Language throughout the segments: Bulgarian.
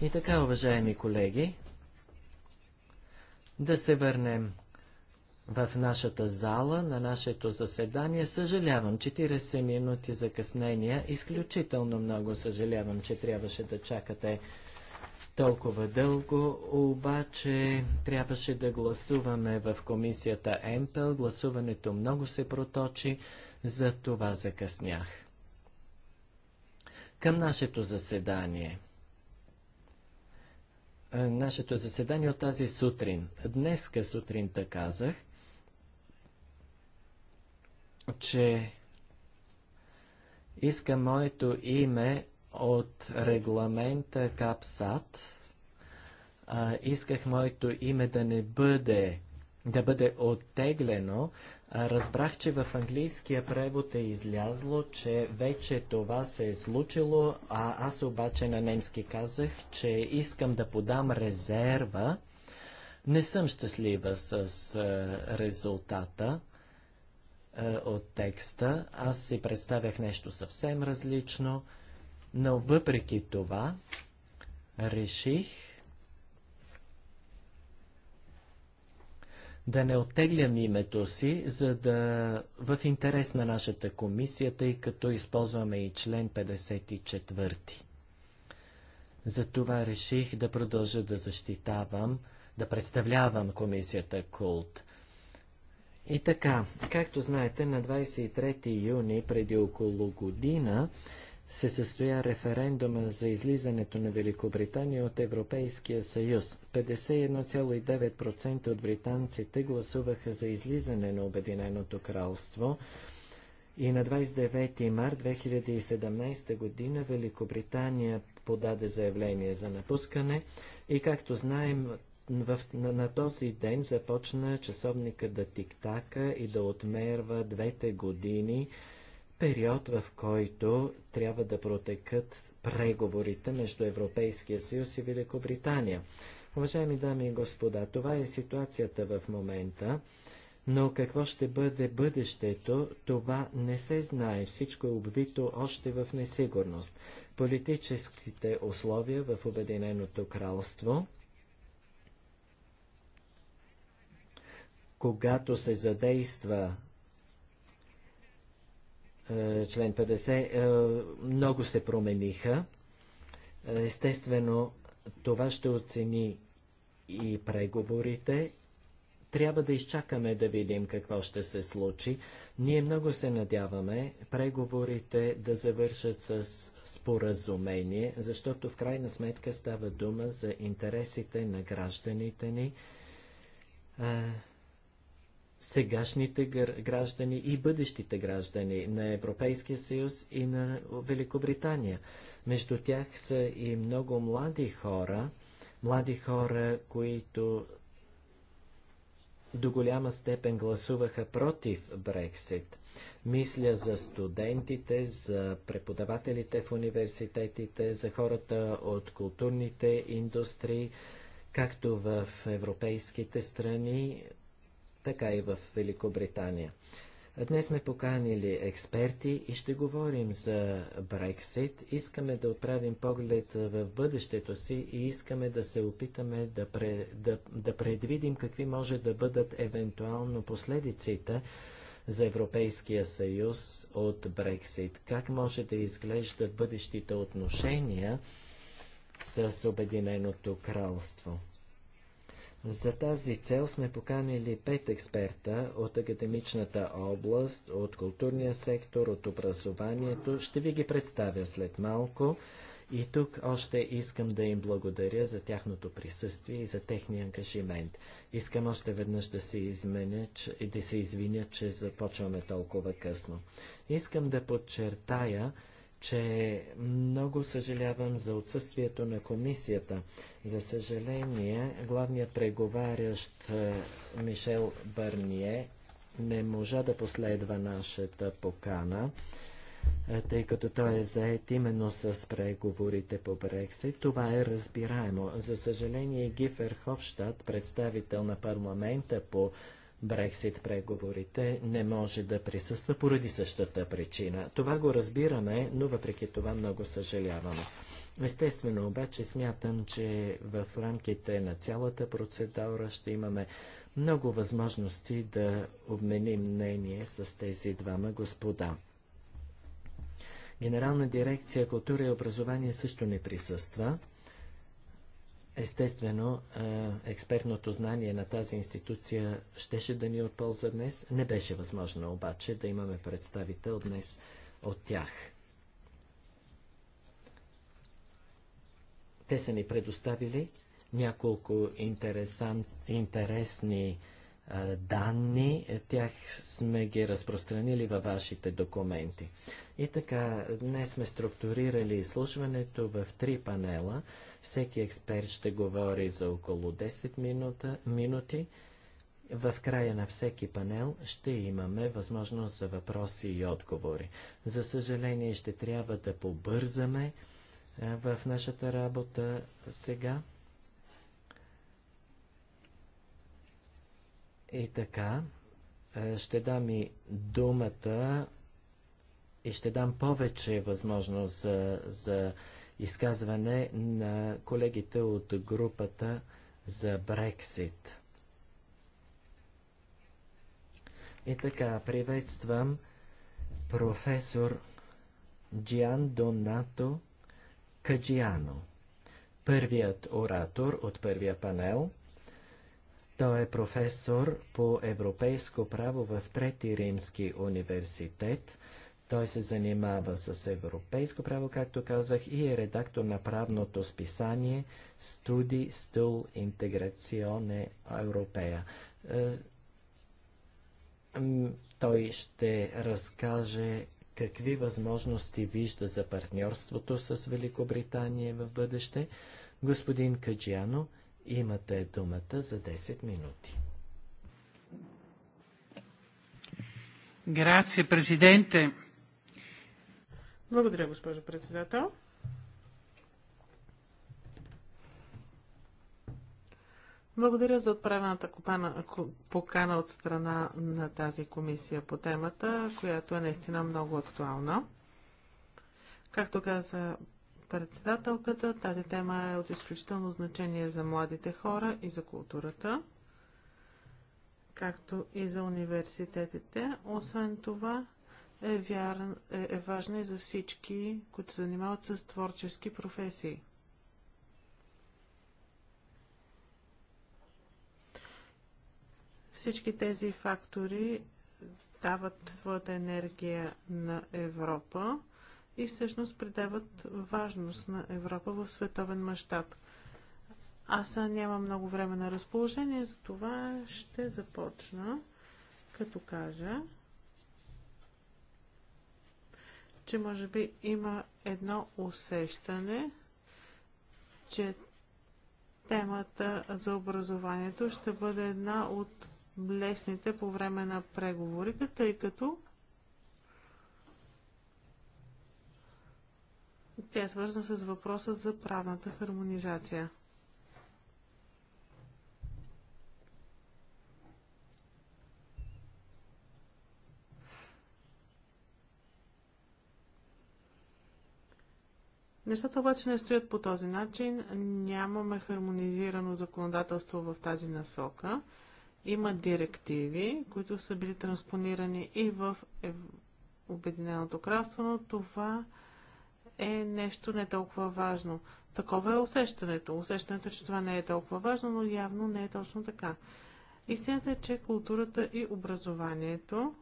И така, уважаеми колеги, да се върнем в нашата зала, на нашето заседание. Съжалявам, 40 минути закъснения. Изключително много съжалявам, че трябваше да чакате толкова дълго, обаче трябваше да гласуваме в комисията МПЛ. Гласуването много се проточи, за това закъснях към нашето заседание. Нашето заседание от тази сутрин. Днеска сутринта казах, че иска моето име от регламента КАПСАТ. исках моето име да не бъде, да бъде оттеглено, Разбрах, че в английския превод е излязло, че вече това се е случило, а аз обаче на немски казах, че искам да подам резерва. Не съм щастлива с резултата от текста. Аз си представях нещо съвсем различно, но въпреки това реших да не оттеглям името си, за да в интерес на нашата комисия, тъй като използваме и член 54. Затова реших да продължа да защитавам, да представлявам комисията Култ. И така, както знаете, на 23 юни преди около година се състоя референдума за излизането на Великобритания от Европейския съюз. 51,9% от британците гласуваха за излизане на Обединеното кралство и на 29 март 2017 година Великобритания подаде заявление за напускане и както знаем в, на, на този ден започна часовника да тиктака и да отмерва двете години период, в който трябва да протекат преговорите между Европейския съюз и Великобритания. Уважаеми дами и господа, това е ситуацията в момента, но какво ще бъде бъдещето, това не се знае. Всичко е обвито още в несигурност. Политическите условия в Обединеното кралство когато се задейства е, член 50, е, много се промениха. Е, естествено, това ще оцени и преговорите. Трябва да изчакаме да видим какво ще се случи. Ние много се надяваме преговорите да завършат с споразумение, защото в крайна сметка става дума за интересите на гражданите ни сегашните граждани и бъдещите граждани на Европейския съюз и на Великобритания. Между тях са и много млади хора, млади хора, които до голяма степен гласуваха против Брексит. Мисля за студентите, за преподавателите в университетите, за хората от културните индустрии, както в европейските страни, така и в Великобритания. Днес сме поканили експерти и ще говорим за Брексит. Искаме да отправим поглед в бъдещето си и искаме да се опитаме да, пре, да, да предвидим какви може да бъдат евентуално последиците за Европейския съюз от Брексит. Как може да изглеждат бъдещите отношения с Обединеното кралство? За тази цел сме поканили пет експерта от академичната област, от културния сектор, от образованието. Ще ви ги представя след малко. И тук още искам да им благодаря за тяхното присъствие и за техния ангажимент. Искам още веднъж да се, изменя, че, да се извиня, че започваме толкова късно. Искам да подчертая, че много съжалявам за отсъствието на комисията. За съжаление, главният преговарящ е, Мишел Бърние не можа да последва нашата покана, е, тъй като той е заед именно с преговорите по Брексит. Това е разбираемо. За съжаление, Гифер Ховштадт, представител на парламента по Брексит преговорите не може да присъства поради същата причина. Това го разбираме, но въпреки това много съжаляваме. Естествено, обаче смятам, че в рамките на цялата процедура ще имаме много възможности да обменим мнение с тези двама господа. Генерална дирекция култура и образование също не присъства. Естествено, експертното знание на тази институция щеше да ни е от полза днес. Не беше възможно обаче да имаме представител днес от тях. Те са ни предоставили няколко интересни данни, тях сме ги разпространили във вашите документи. И така, днес сме структурирали изслушването в три панела. Всеки експерт ще говори за около 10 минута, минути. В края на всеки панел ще имаме възможност за въпроси и отговори. За съжаление ще трябва да побързаме в нашата работа сега. И така, е, ще дам и думата и ще дам повече възможност за, за изказване на колегите от групата за Брексит. И така, приветствам професор Джиан Донато Каджиано, първият оратор от първия панел – той е професор по европейско право в Трети Римски университет. Той се занимава с европейско право, както казах, и е редактор на правното списание Студи Стул Интеграционе Европея. Е, той ще разкаже какви възможности вижда за партньорството с Великобритания в бъдеще. Господин Каджиано – Имате думата за 10 минути. Грация, президенте. Благодаря, госпожо председател. Благодаря за отправената покана от страна на тази комисия по темата, която е наистина много актуална. Както каза председателката. Тази тема е от изключително значение за младите хора и за културата, както и за университетите. Освен това, е, вяр... е, е важна и за всички, които занимават с творчески професии. Всички тези фактори дават своята енергия на Европа и всъщност придават важност на Европа в световен мащаб. Аз няма много време на разположение, за това ще започна като кажа, че може би има едно усещане, че темата за образованието ще бъде една от лесните по време на преговорите, тъй като Тя е свързана с въпроса за правната хармонизация. Нещата обаче не стоят по този начин. Нямаме хармонизирано законодателство в тази насока. Има директиви, които са били транспонирани и в Обединеното кралство, но това е нещо не толкова важно. Такова е усещането. Усещането, че това не е толкова важно, но явно не е точно така. Истината е, че културата и образованието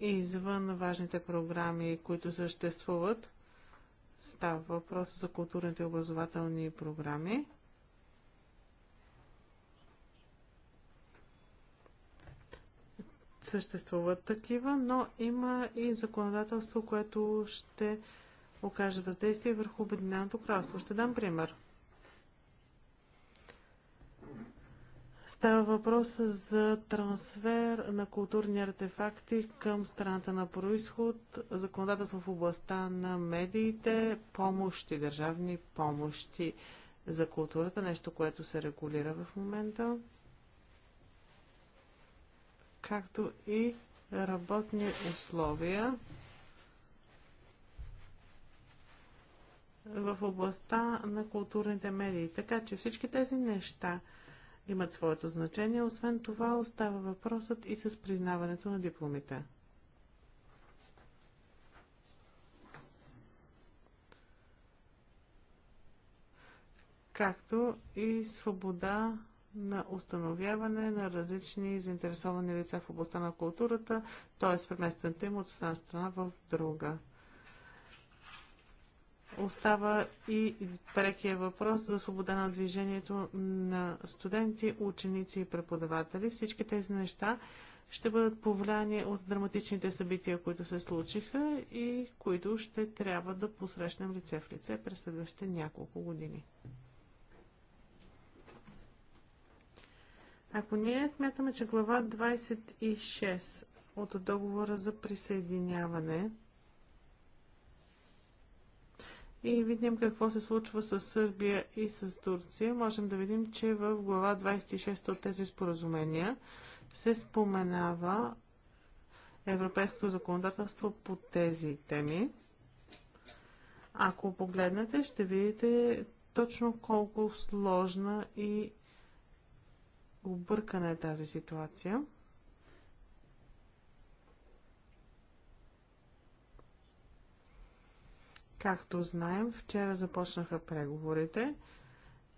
извън важните програми, които съществуват, става въпрос за културните и образователни програми. съществуват такива, но има и законодателство, което ще окаже въздействие върху Обединеното кралство. Ще дам пример. Става въпрос за трансфер на културни артефакти към страната на происход, законодателство в областта на медиите, помощи, държавни помощи за културата, нещо, което се регулира в момента както и работни условия в областта на културните медии. Така че всички тези неща имат своето значение. Освен това остава въпросът и с признаването на дипломите. Както и свобода на установяване на различни заинтересовани лица в областта на културата, т.е. преместването им от една страна в друга. Остава и прекия въпрос за свобода на движението на студенти, ученици и преподаватели. Всички тези неща ще бъдат повлияни от драматичните събития, които се случиха и които ще трябва да посрещнем лице в лице през следващите няколко години. Ако ние смятаме, че глава 26 от договора за присъединяване и видим какво се случва с Сърбия и с Турция, можем да видим, че в глава 26 от тези споразумения се споменава европейското законодателство по тези теми. Ако погледнете, ще видите точно колко сложна и объркана е тази ситуация. Както знаем, вчера започнаха преговорите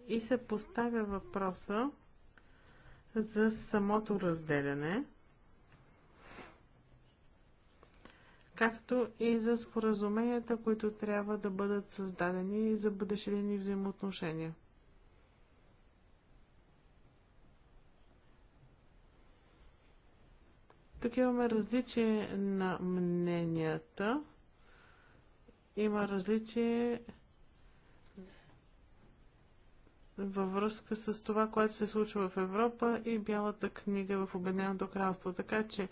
и се поставя въпроса за самото разделяне, както и за споразуменията, които трябва да бъдат създадени за бъдещите ни взаимоотношения. Тук имаме различие на мненията. Има различие във връзка с това, което се случва в Европа и Бялата книга в Обединеното кралство. Така че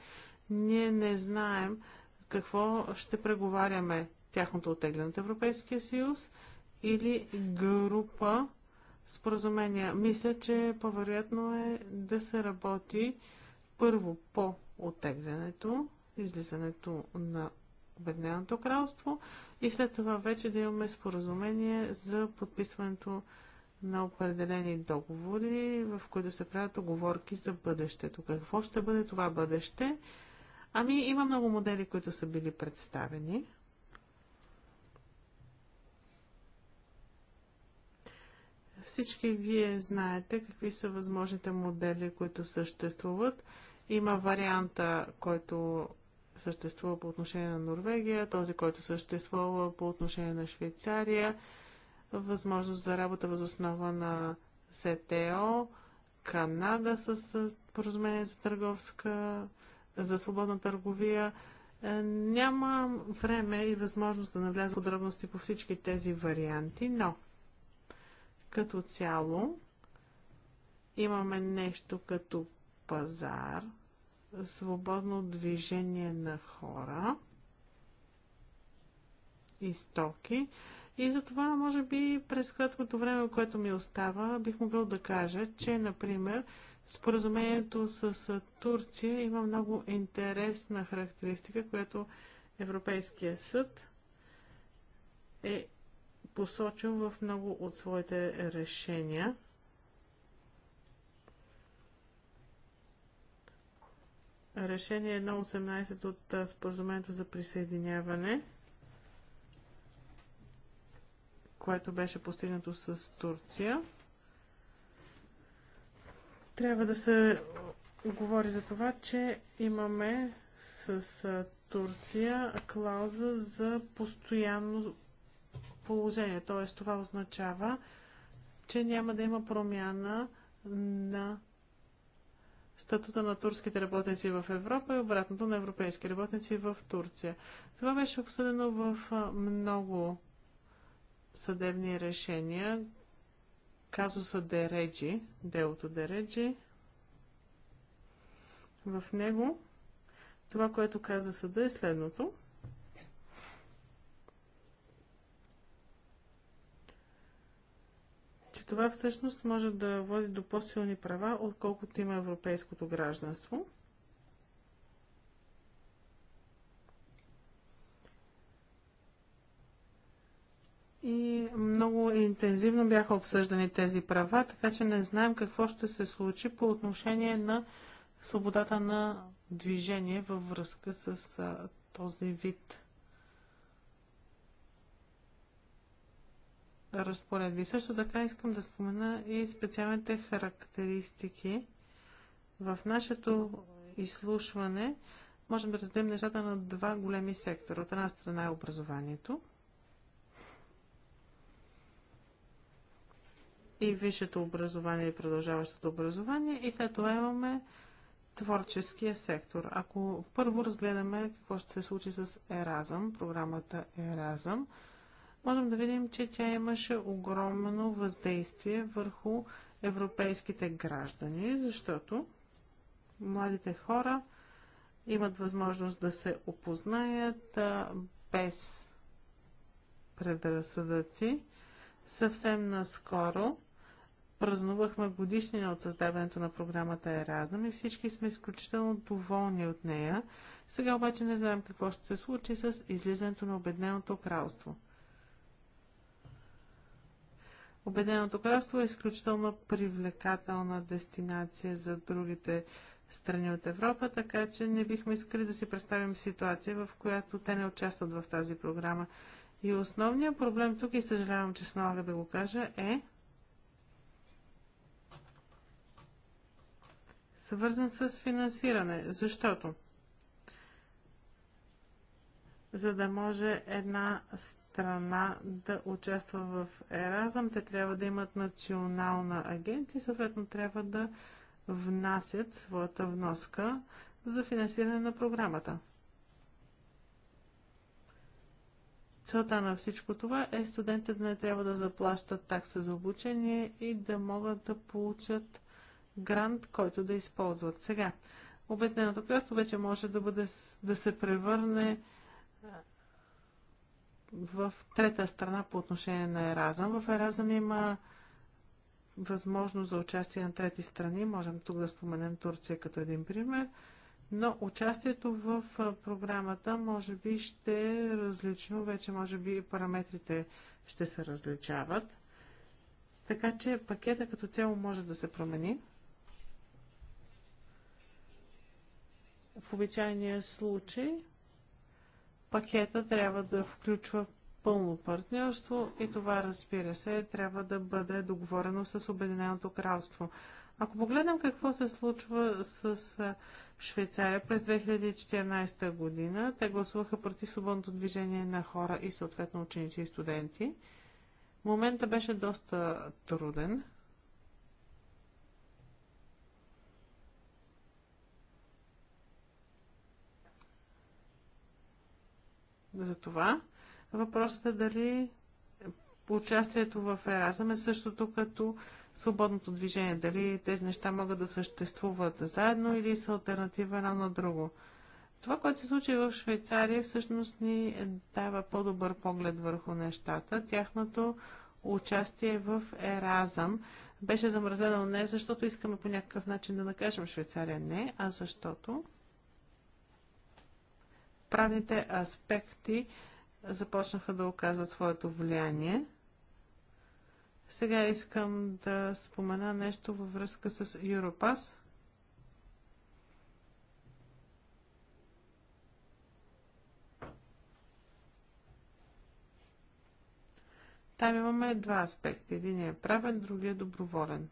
ние не знаем какво ще преговаряме тяхното отегляне от Европейския съюз или група споразумения. Мисля, че по-вероятно е да се работи първо по оттеглянето, излизането на Обединеното кралство и след това вече да имаме споразумение за подписването на определени договори, в които се правят оговорки за бъдещето. Какво ще бъде това бъдеще? Ами има много модели, които са били представени. Всички вие знаете какви са възможните модели, които съществуват има варианта, който съществува по отношение на Норвегия, този, който съществува по отношение на Швейцария, възможност за работа възоснова на СТО, Канада с поразумение за търговска, за свободна търговия. Е, няма време и възможност да навляза подробности по всички тези варианти, но като цяло имаме нещо като пазар, свободно движение на хора и стоки. И затова, може би, през краткото време, което ми остава, бих могъл да кажа, че, например, споразумението с Турция има много интересна характеристика, която Европейския съд е посочил в много от своите решения. решение 1.18 от споразумението за присъединяване, което беше постигнато с Турция. Трябва да се говори за това, че имаме с Турция клауза за постоянно положение. Т.е. това означава, че няма да има промяна на статута на турските работници в Европа и обратното на европейски работници в Турция. Това беше обсъдено в много съдебни решения. Казуса Дереджи, делото Дереджи, в него това, което каза съда е следното – това всъщност може да води до по-силни права, отколкото има европейското гражданство. И много интензивно бяха обсъждани тези права, така че не знаем какво ще се случи по отношение на свободата на движение във връзка с този вид разпоредби. Също така искам да спомена и специалните характеристики. В нашето изслушване можем да разделим нещата на два големи сектора. От една страна е образованието и висшето образование и продължаващото образование и след това имаме творческия сектор. Ако първо разгледаме какво ще се случи с Еразъм, програмата Еразъм, можем да видим, че тя имаше огромно въздействие върху европейските граждани, защото младите хора имат възможност да се опознаят без предразсъдъци. Съвсем наскоро празнувахме годишнина от създаването на програмата Еразъм и всички сме изключително доволни от нея. Сега обаче не знаем какво ще се случи с излизането на Обедненото кралство. Обединеното кралство е изключително привлекателна дестинация за другите страни от Европа, така че не бихме искали да си представим ситуация, в която те не участват в тази програма. И основният проблем тук, и съжалявам, че се налага да го кажа, е свързан с финансиране, защото за да може една страна да участва в Еразъм, те трябва да имат национална агенция и съответно трябва да внасят своята вноска за финансиране на програмата. Целта на всичко това е студентите да не трябва да заплащат такса за обучение и да могат да получат грант, който да използват. Сега, обетненото кръсто вече може да, бъде, да се превърне в трета страна по отношение на Еразъм. В Еразъм има възможност за участие на трети страни. Можем тук да споменем Турция като един пример. Но участието в програмата може би ще е различно. Вече може би параметрите ще се различават. Така че пакета като цяло може да се промени. В обичайния случай пакета трябва да включва пълно партньорство и това, разбира се, трябва да бъде договорено с Обединеното кралство. Ако погледнем какво се случва с Швейцария през 2014 година, те гласуваха против свободното движение на хора и съответно ученици и студенти. Моментът беше доста труден. за това. Въпросът е дали участието в Еразъм е същото като свободното движение. Дали тези неща могат да съществуват заедно или са альтернатива едно на друго. Това, което се случи в Швейцария, всъщност ни дава по-добър поглед върху нещата. Тяхното участие в Еразъм беше замразено не защото искаме по някакъв начин да накажем Швейцария не, а защото правните аспекти започнаха да оказват своето влияние. Сега искам да спомена нещо във връзка с Европас. Там имаме два аспекта. Един е правен, другия е доброволен.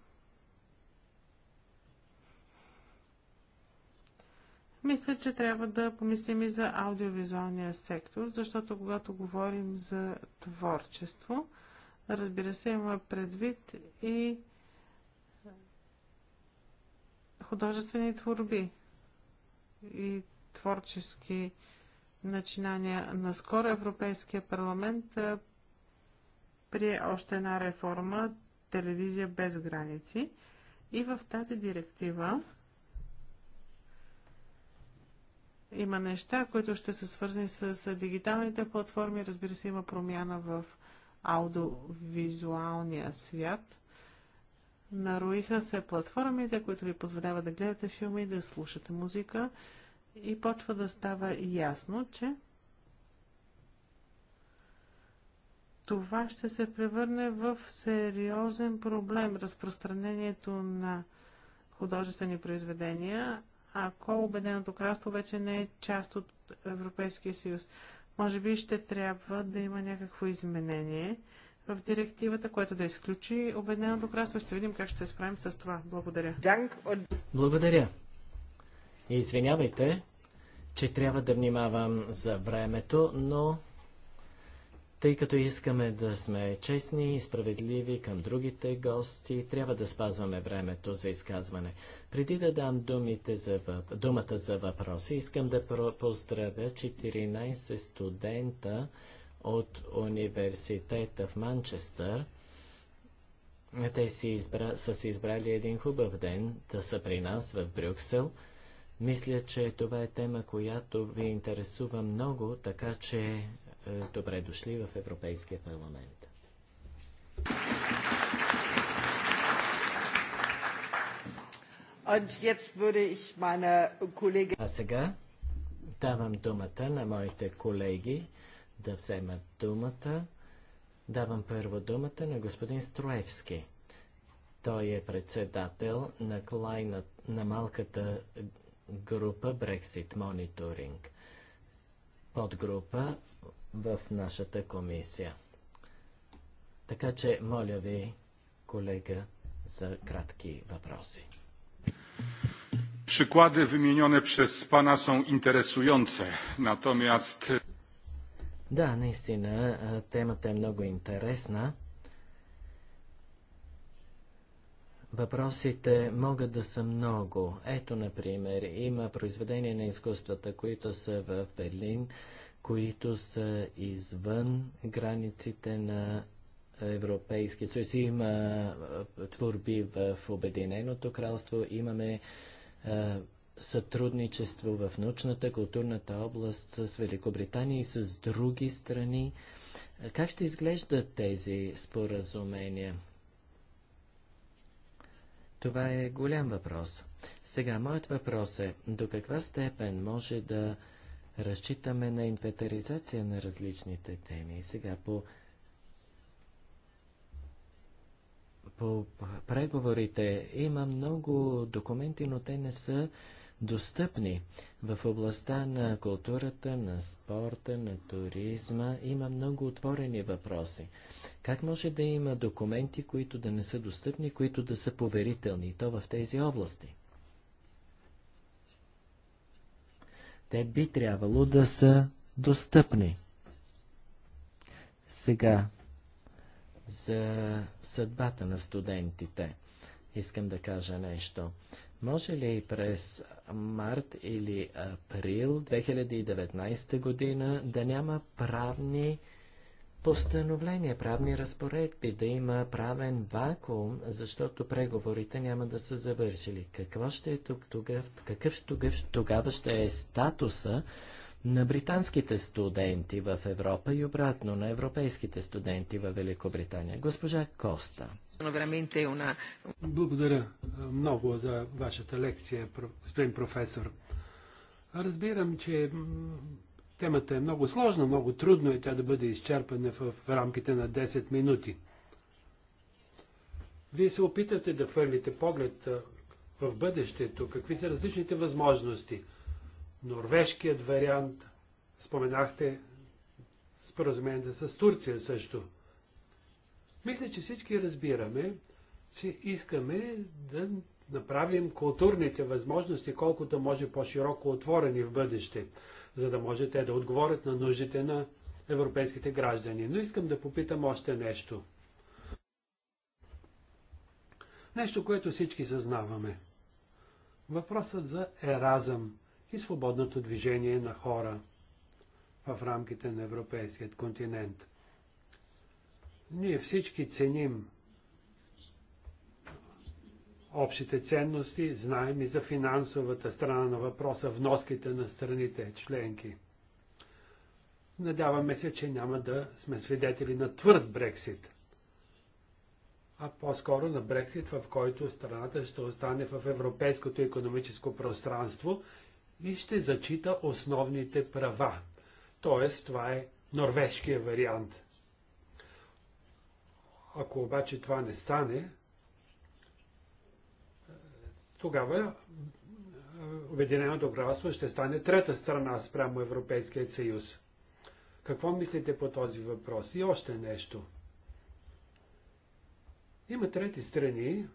Мисля, че трябва да помислим и за аудиовизуалния сектор, защото когато говорим за творчество, разбира се, има предвид и художествени творби и творчески начинания. Наскоро Европейския парламент прие още една реформа телевизия без граници. И в тази директива Има неща, които ще са свързани с дигиталните платформи. Разбира се, има промяна в аудиовизуалния свят. Наруиха се платформите, които ви позволяват да гледате филми, да слушате музика и почва да става ясно, че това ще се превърне в сериозен проблем. Разпространението на художествени произведения ако Обеденото кралство вече не е част от Европейския съюз. Може би ще трябва да има някакво изменение в директивата, което да изключи Обединеното кралство. Ще видим как ще се справим с това. Благодаря. Благодаря. Извинявайте, че трябва да внимавам за времето, но тъй като искаме да сме честни и справедливи към другите гости, трябва да спазваме времето за изказване. Преди да дам думите за въп... думата за въпроси, искам да поздравя 14 студента от университета в Манчестър. Те си избра... са си избрали един хубав ден да са при нас в Брюксел. Мисля, че това е тема, която ви интересува много, така че е, добре дошли в Европейския парламент. А сега давам думата на моите колеги да вземат думата. Давам първо думата на господин Строевски. Той е председател на, клайна, на малката група Brexit Monitoring, подгрупа в нашата комисия. Така че, моля ви, колега, за кратки въпроси. Przykłady wymienione przez Pana są interesujące, natomiast... Да, наистина, темата е много интересна. Въпросите могат да са много. Ето, например, има произведения на изкуствата, които са в Берлин, които са извън границите на Европейския съюз. Има творби в Обединеното кралство, имаме сътрудничество в научната, културната област с Великобритания и с други страни. Как ще изглеждат тези споразумения? Това е голям въпрос. Сега, моят въпрос е, до каква степен може да разчитаме на инвентаризация на различните теми. Сега по, по преговорите има много документи, но те не са достъпни. В областта на културата, на спорта, на туризма има много отворени въпроси. Как може да има документи, които да не са достъпни, които да са поверителни, то в тези области? те би трябвало да са достъпни. Сега, за съдбата на студентите искам да кажа нещо. Може ли през март или април 2019 година да няма правни постановления, правни разпоредби, да има правен вакуум, защото преговорите няма да са завършили. Какво ще е тук тогав, какъв тогав, тогава ще е статуса на британските студенти в Европа и обратно на европейските студенти в Великобритания? Госпожа Коста. Е Благодаря много за вашата лекция, господин професор. Разбирам, че Темата е много сложна, много трудно е тя да бъде изчерпана в, рамките на 10 минути. Вие се опитате да хвърлите поглед в бъдещето, какви са различните възможности. Норвежкият вариант, споменахте споразумението с Турция също. Мисля, че всички разбираме, че искаме да направим културните възможности колкото може по-широко отворени в бъдеще за да може те да отговорят на нуждите на европейските граждани. Но искам да попитам още нещо. Нещо, което всички съзнаваме. Въпросът за еразъм и свободното движение на хора в рамките на европейският континент. Ние всички ценим общите ценности, знаем и за финансовата страна на въпроса, вноските на страните членки. Надяваме се, че няма да сме свидетели на твърд Брексит, а по-скоро на Брексит, в който страната ще остане в европейското економическо пространство и ще зачита основните права. Тоест, това е норвежкия вариант. Ако обаче това не стане, тогава Обединеното кралство ще стане трета страна спрямо Европейския съюз. Какво мислите по този въпрос? И още нещо. Има трети страни,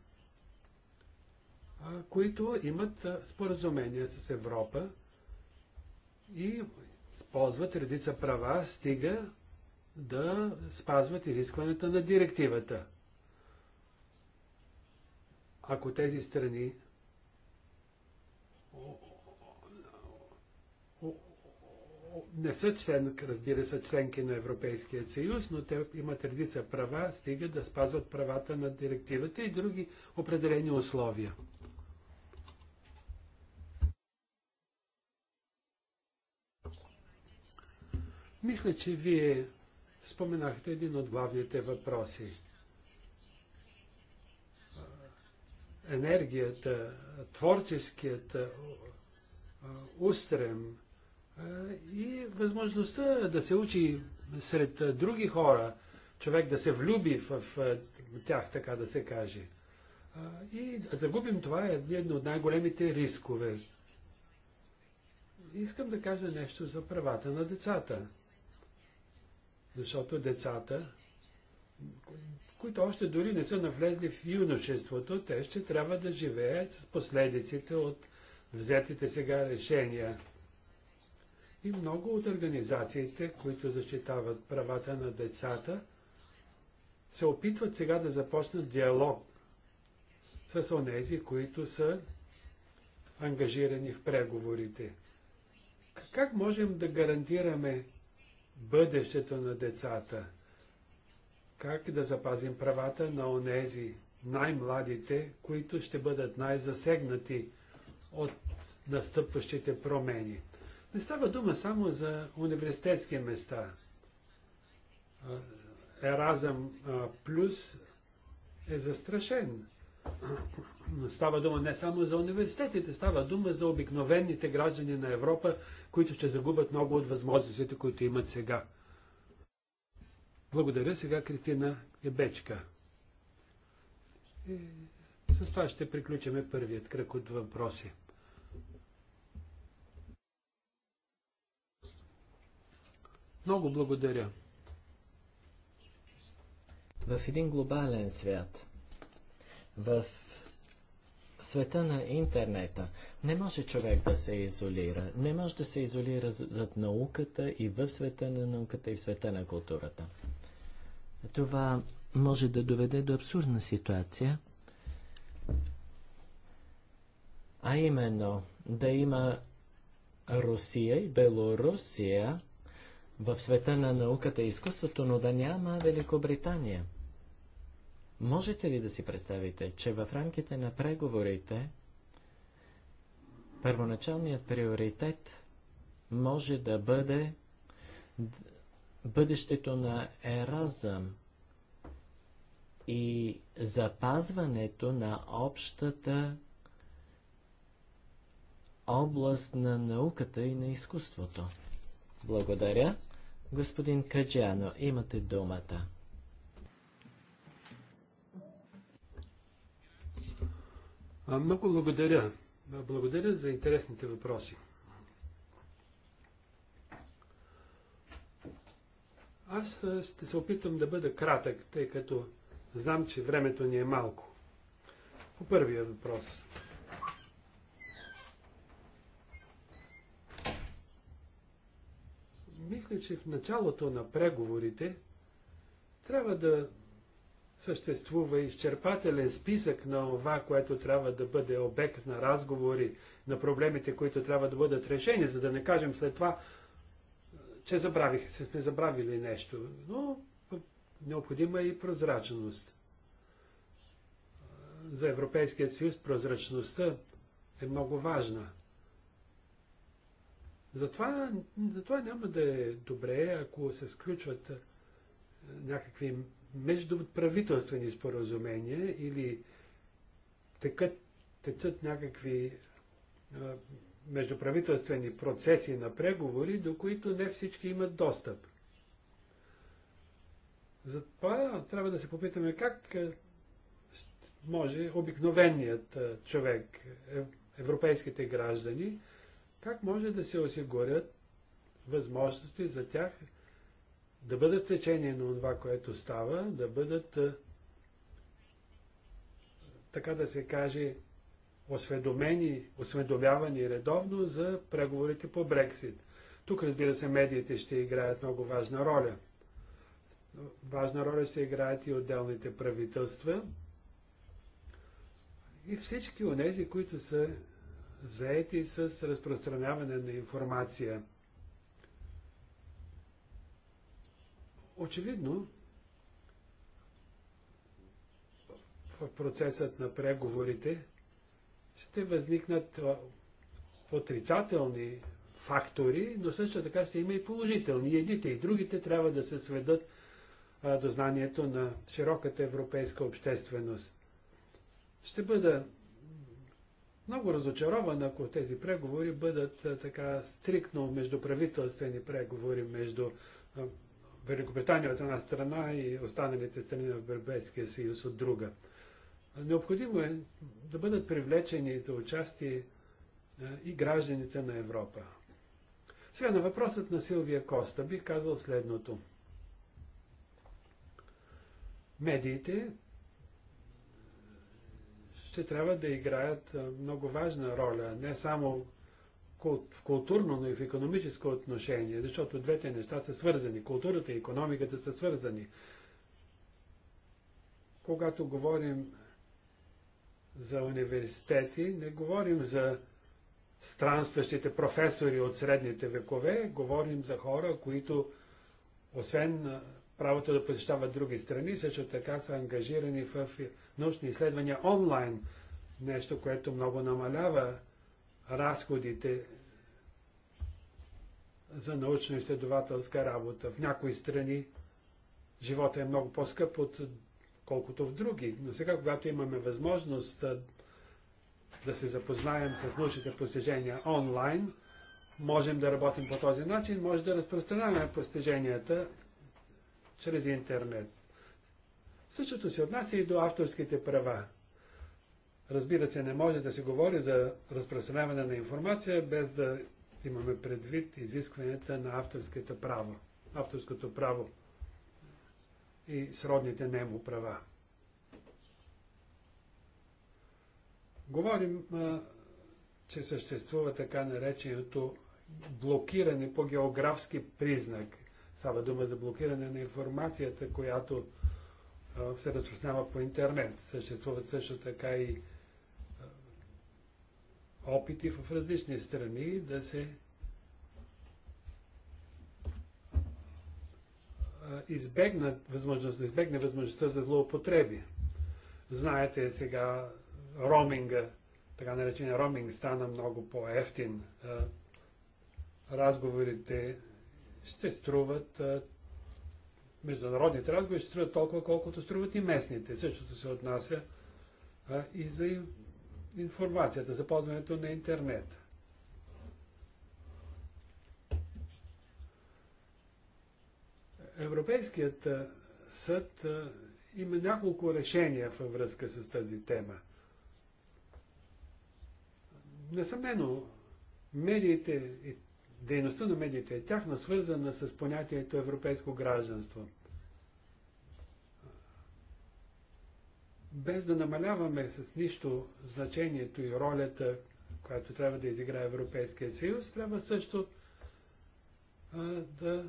които имат споразумения с Европа и ползват редица права, стига да спазват изискването на директивата. Ако тези страни не са член, разбира се, членки на Европейския съюз, но те имат редица права, стига да спазват правата на директивата и други определени условия. Мисля, че вие споменахте един от главните въпроси. Енергията, творческият устрем, и възможността да се учи сред други хора, човек да се влюби в тях, така да се каже. И да загубим това е едно от най-големите рискове. Искам да кажа нещо за правата на децата. Защото децата, които още дори не са навлезли в юношеството, те ще трябва да живеят с последиците от взетите сега решения и много от организациите, които защитават правата на децата, се опитват сега да започнат диалог с онези, които са ангажирани в преговорите. Как можем да гарантираме бъдещето на децата? Как да запазим правата на онези, най-младите, които ще бъдат най-засегнати от настъпващите промени? Не става дума само за университетски места. Еразъм плюс е застрашен. Но става дума не само за университетите, става дума за обикновените граждани на Европа, които ще загубят много от възможностите, които имат сега. Благодаря сега Кристина Ебечка. И с това ще приключиме първият кръг от въпроси. Много благодаря. В един глобален свят, в света на интернета, не може човек да се изолира. Не може да се изолира зад науката и в света на науката и в света на културата. Това може да доведе до абсурдна ситуация, а именно да има Русия и Белорусия, в света на науката и изкуството, но да няма Великобритания. Можете ли да си представите, че в рамките на преговорите първоначалният приоритет може да бъде бъдещето на еразъм и запазването на общата област на науката и на изкуството. Благодаря. Господин Каджано, имате думата. Много благодаря. Благодаря за интересните въпроси. Аз ще се опитам да бъда кратък, тъй като знам, че времето ни е малко. По първия въпрос – мисля, че в началото на преговорите трябва да съществува изчерпателен списък на това, което трябва да бъде обект на разговори, на проблемите, които трябва да бъдат решени, за да не кажем след това, че забравих, сме забравили нещо. Но необходима е и прозрачност. За Европейския съюз прозрачността е много важна. Затова, затова няма да е добре, ако се сключват е, някакви междуправителствени споразумения или текат, течат някакви а, е, междуправителствени процеси на преговори, до които не всички имат достъп. Затова трябва да се попитаме как е, може обикновеният човек, европейските граждани, как може да се осигурят възможности за тях да бъдат течение на това, което става, да бъдат, така да се каже, осведомени, осведомявани редовно за преговорите по Брексит. Тук, разбира се, медиите ще играят много важна роля. Важна роля ще играят и отделните правителства и всички от тези, които са заети с разпространяване на информация. Очевидно, в процесът на преговорите ще възникнат отрицателни фактори, но също така ще има и положителни. Едните и другите трябва да се сведат до знанието на широката европейска общественост. Ще бъда много разочарован, ако тези преговори бъдат а, е, така стрикно междуправителствени преговори между е, Великобритания от една страна и останалите страни на Европейския съюз от друга. Необходимо е да бъдат привлечени за участие е, и гражданите на Европа. Сега на въпросът на Силвия Коста бих казал следното. Медиите ще трябва да играят много важна роля, не само в културно, но и в економическо отношение, защото двете неща са свързани. Културата и економиката са свързани. Когато говорим за университети, не говорим за странстващите професори от средните векове, говорим за хора, които освен правото да посещават други страни, също така са ангажирани в научни изследвания онлайн, нещо, което много намалява разходите за научно-изследователска работа. В някои страни живота е много по-скъп от колкото в други. Но сега, когато имаме възможност да се запознаем с научните постижения онлайн, можем да работим по този начин, може да разпространяваме постиженията чрез интернет. Същото се отнася и до авторските права. Разбира се, не може да се говори за разпространяване на информация без да имаме предвид изискванията на авторските право, авторското право и сродните нему права. Говорим, а, че съществува така нареченото блокиране по географски признак. Става дума за блокиране на информацията, която се разпространява по интернет. Съществуват също така и опити в различни страни да се избегнат възможност, да избегне възможността за злоупотреби. Знаете сега роминга, така наречения роминг стана много по-ефтин. Разговорите ще струват международните разговори ще струват толкова, колкото струват и местните. Същото се отнася а, и за информацията, за ползването на интернет. Европейският съд има няколко решения във връзка с тази тема. Несъмнено, медиите и дейността на медиите е тяхна, свързана с понятието европейско гражданство. Без да намаляваме с нищо значението и ролята, която трябва да изиграе Европейския съюз, трябва също а, да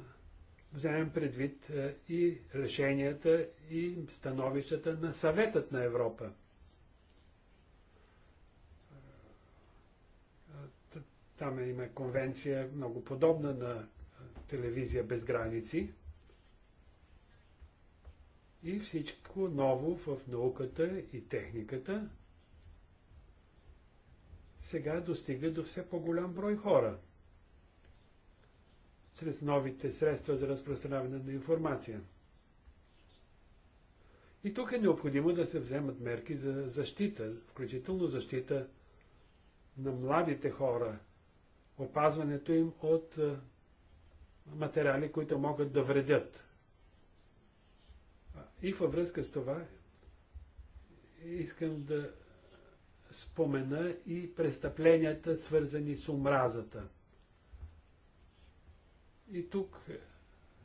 вземем предвид а, и решенията и становищата на съветът на Европа – Там има конвенция, много подобна на телевизия без граници. И всичко ново в науката и техниката сега достига до все по-голям брой хора. Чрез новите средства за разпространяване на информация. И тук е необходимо да се вземат мерки за защита, включително защита на младите хора – опазването им от е, материали, които могат да вредят. И във връзка с това искам да спомена и престъпленията, свързани с омразата. И тук е,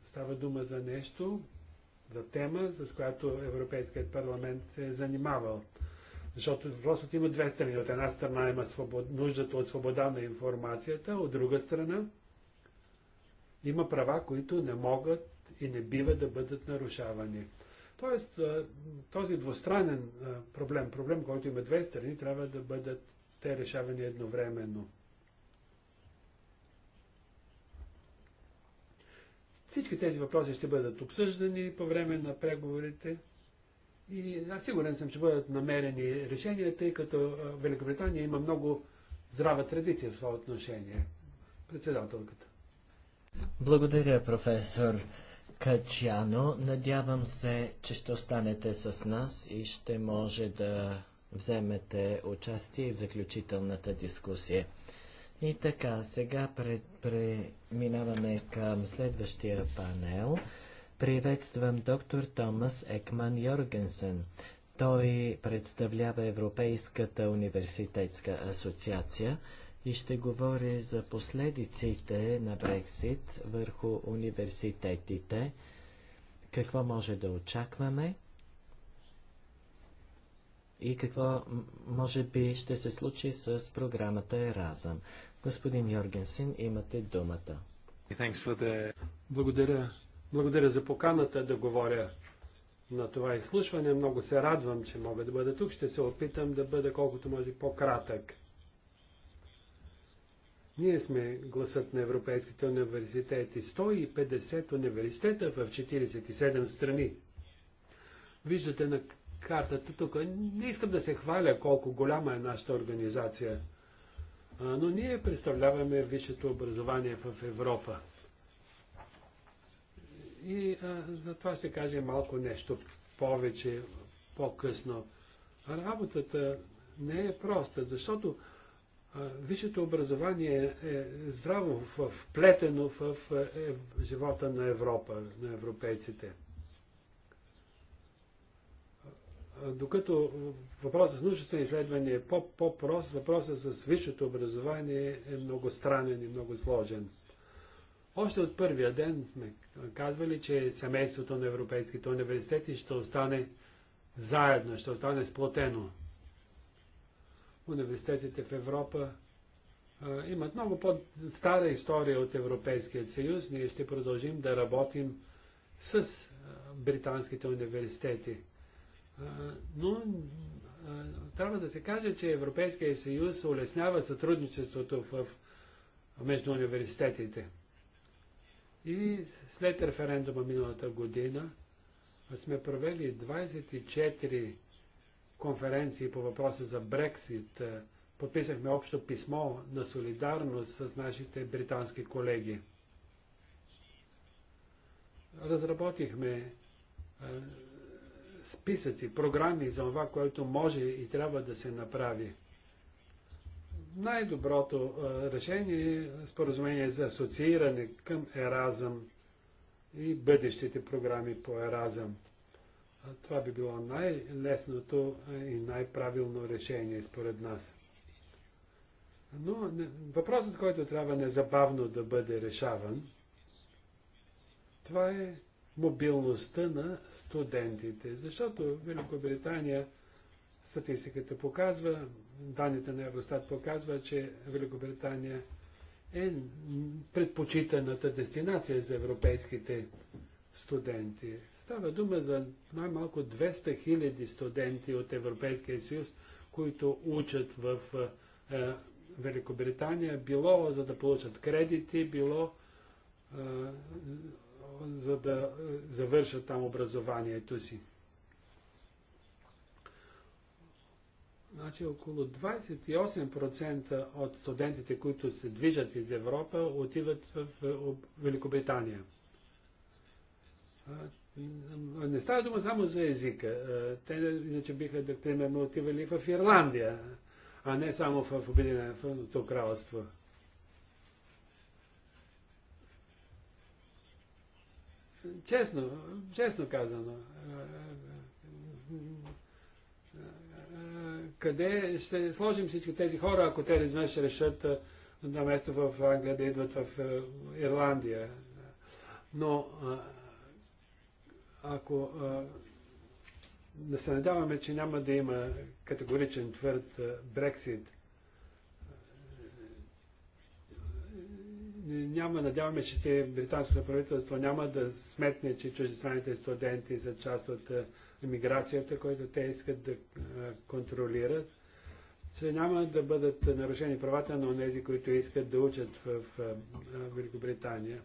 става дума за нещо, за тема, с която Европейският парламент се е занимавал. Защото въпросът има две страни. От една страна има свобод... нуждата от свобода на информацията, от друга страна има права, които не могат и не бива да бъдат нарушавани. Тоест, този двустранен проблем, проблем, който има две страни, трябва да бъдат те решавани едновременно. Всички тези въпроси ще бъдат обсъждани по време на преговорите. И аз сигурен съм, че бъдат намерени решения, тъй като Великобритания има много здрава традиция в това отношение. Председателката. Благодаря, професор Качано. Надявам се, че ще останете с нас и ще може да вземете участие в заключителната дискусия. И така, сега преминаваме към следващия панел. Приветствам доктор Томас Екман Йоргенсен. Той представлява Европейската университетска асоциация и ще говори за последиците на Брексит върху университетите, какво може да очакваме и какво може би ще се случи с програмата Еразъм. Господин Йоргенсен, имате думата. Благодаря благодаря за поканата да говоря на това изслушване. Много се радвам, че мога да бъда тук. Ще се опитам да бъда колкото може по-кратък. Ние сме гласът на европейските университети. 150 университета в 47 страни. Виждате на картата тук. Не искам да се хваля колко голяма е нашата организация, но ние представляваме висшето образование в Европа. И а, за това ще кажа малко нещо повече по-късно. Работата не е проста, защото висшето образование е, е здраво вплетено в е, е, живота на Европа, на европейците. Докато въпросът с научните изследвания е по-прост, -по въпросът с висшето образование е много странен и много сложен. Още от първия ден сме казва ли, че семейството на европейските университети ще остане заедно, ще остане сплотено? Университетите в Европа а, имат много по-стара история от Европейският съюз. Ние ще продължим да работим с а, британските университети. А, но трябва да се каже, че Европейския съюз улеснява сътрудничеството в, в между университетите. И след референдума миналата година сме провели 24 конференции по въпроса за Брексит. Подписахме общо писмо на солидарност с нашите британски колеги. Разработихме е, списъци, програми за това, което може и трябва да се направи най-доброто решение е споразумение за асоцииране към Еразъм и бъдещите програми по Еразъм. Това би било най-лесното и най-правилно решение според нас. Но въпросът, който трябва незабавно да бъде решаван, това е мобилността на студентите. Защото Великобритания статистиката показва данните на Евростат показва, че Великобритания е предпочитаната дестинация за европейските студенти. Става дума за най-малко 200 хиляди студенти от Европейския съюз, които учат в е, е, Великобритания, било за да получат кредити, било е, за да завършат там образованието си. Значи около 28% от студентите, които се движат из Европа, отиват в, Великобритания. Не става дума само за езика. Те иначе биха, да, примерно, отивали в Ирландия, а не само в Обединеното кралство. Честно, честно казано, къде ще сложим всички тези хора, ако те не знаеш решат на место в Англия да идват в Ирландия. Но ако не да се надяваме, че няма да има категоричен твърд Брексит, няма, надяваме, че британското правителство няма да сметне, че чуждестранните студенти са част от миграцията, който те искат да контролират, че няма да бъдат нарушени правата на тези, които искат да учат в, в Великобритания.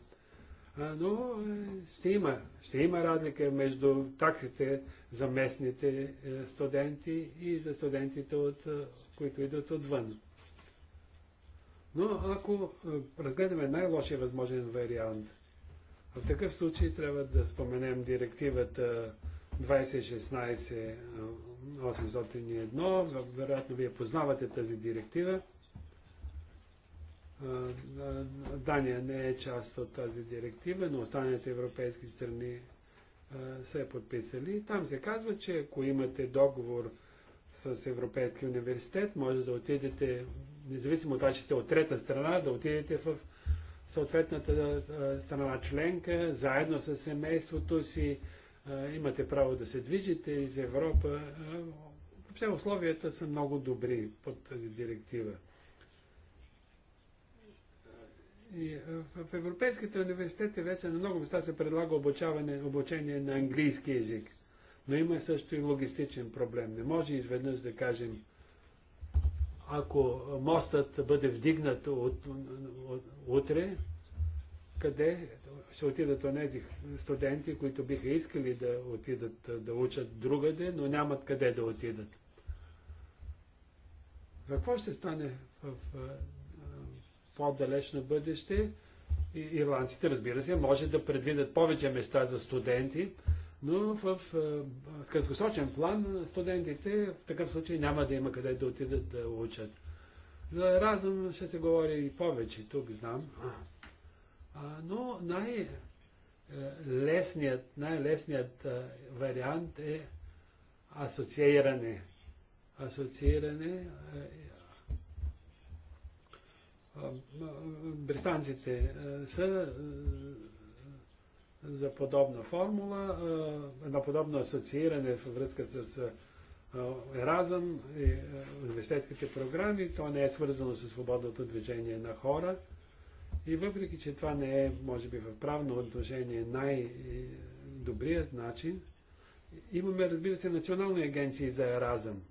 Но е, ще има, ще има разлика между таксите за местните е, студенти и за студентите, от, които идват отвън. Но ако е, разгледаме най-лошия възможен вариант, в такъв случай трябва да споменем директивата 2016-801. Вероятно вие познавате тази директива. Е, е, Дания не е част от тази директива, но останалите европейски страни се е подписали. Там се казва, че ако имате договор с Европейски университет, може да отидете независимо от това, че сте от трета страна, да отидете в съответната страна членка, заедно с семейството си, имате право да се движите из Европа. Въобще условията са много добри под тази директива. И в европейските университети вече на много места се предлага обучаване, обучение на английски язик. Но има също и логистичен проблем. Не може изведнъж да кажем, ако мостът бъде вдигнат от, от, утре, къде ще отидат онези студенти, които биха искали да отидат да учат другаде, но нямат къде да отидат. Какво ще стане в, по-далечно бъдеще? Ирландците, разбира се, може да предвидят повече места за студенти, но в краткосрочен план студентите в такъв случай няма да има къде да отидат да учат. За разум ще се говори и повече, тук знам. А, но е, най-лесният, най-лесният вариант е асоцииране. Асоцииране. Британците са за подобна формула, на подобно асоцииране във връзка с Еразъм и университетските програми. То не е свързано с свободното движение на хора. И въпреки, че това не е, може би, в правно отношение най-добрият начин, имаме, разбира се, национални агенции за Еразъм.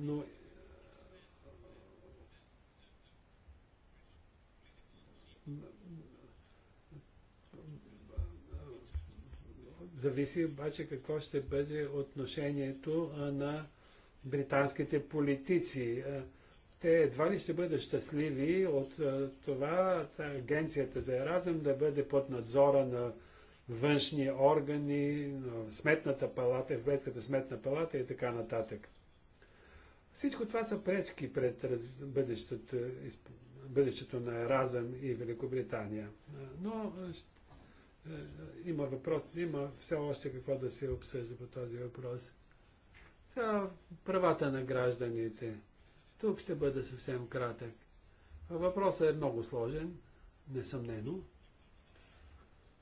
Но Зависи обаче какво ще бъде отношението на британските политици. Те едва ли ще бъдат щастливи от това агенцията за Еразъм да бъде под надзора на външни органи, на Сметната палата, Европейската сметна палата и така нататък. Всичко това са пречки пред бъдещето, бъдещето на Еразъм и Великобритания. Но е, има въпрос, има все още какво да се обсъжда по този въпрос. А, правата на гражданите. Тук ще бъда съвсем кратък. Въпросът е много сложен, несъмнено.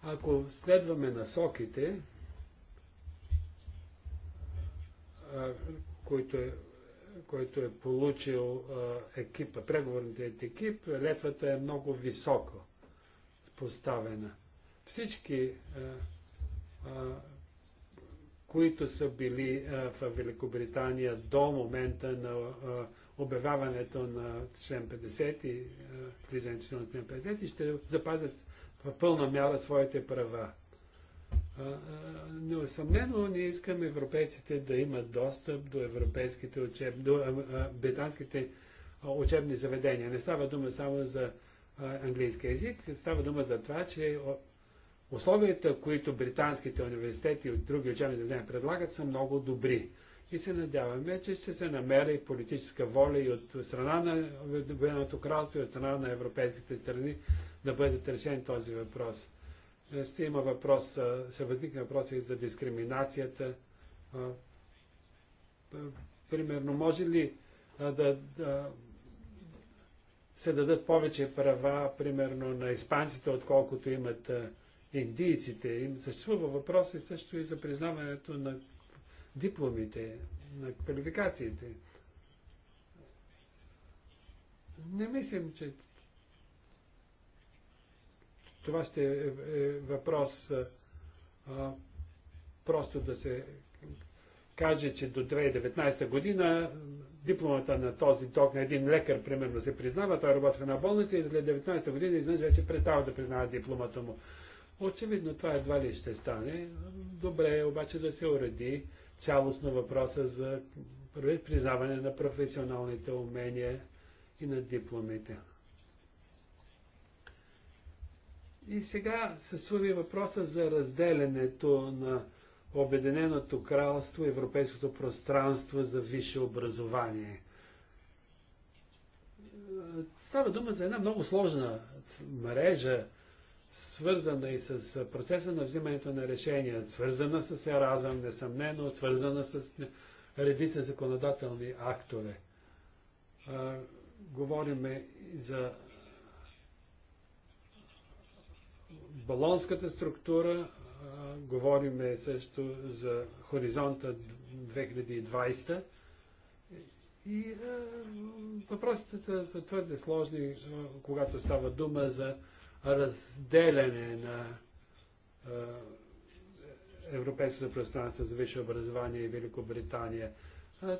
Ако следваме насоките, а, които е, който е получил екипа, преговорният екип, летвата е много високо поставена всички, а, е, а, е, които са били а, е, в Великобритания до момента на а, обявяването на член 50 и влизането на член 50, ще запазят в пълна мяра своите права. Неосъмнено ние искаме европейците да имат достъп до европейските учеб... до британските учебни заведения. Не става дума само за английски язик, става дума за това, че Условията, които британските университети от други учебни заведения предлагат, са много добри. И се надяваме, че ще се намери политическа воля и от страна на военното кралство и от страна на европейските страни да бъде решен този въпрос. Ще има въпрос, ще възникне въпрос и за дискриминацията. Примерно, може ли да, да се дадат повече права, примерно, на испанците, отколкото имат индийците. Им съществува въпроси също и за признаването на дипломите, на квалификациите. Не мислим, че това ще е, е въпрос а, просто да се каже, че до 2019 година дипломата на този ток на един лекар, примерно, се признава, той работи в една болница и до 2019 година изведнъж вече престава да признава дипломата му. Очевидно това едва ли ще стане. Добре е обаче да се уреди цялостно въпроса за признаване на професионалните умения и на дипломите. И сега се суви въпроса за разделянето на Обединеното кралство, Европейското пространство за висше образование. Става дума за една много сложна мрежа свързана и с процеса на взимането на решения, свързана с еразъм, несъмнено, свързана с редица законодателни актове. А, говориме за балонската структура, а, говориме също за хоризонта 2020 и а, въпросите са, са твърде сложни, когато става дума за разделяне на Европейското пространство за висше образование и Великобритания.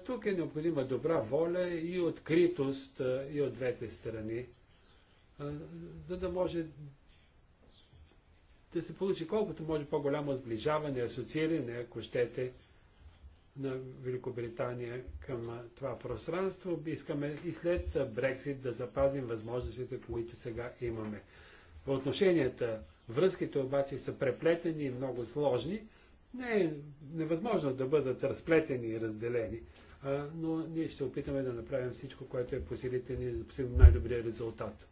Тук е необходима добра воля и откритост и от двете страни, за да може да се получи колкото може по-голямо сближаване, асоцииране, ако щете, на Великобритания към това пространство. Искаме и след Брексит да запазим възможностите, които сега имаме. Отношенията, връзките обаче са преплетени и много сложни. Не е невъзможно да бъдат разплетени и разделени, а, но ние ще опитаме да направим всичко, което е по силите ни за най-добрия резултат.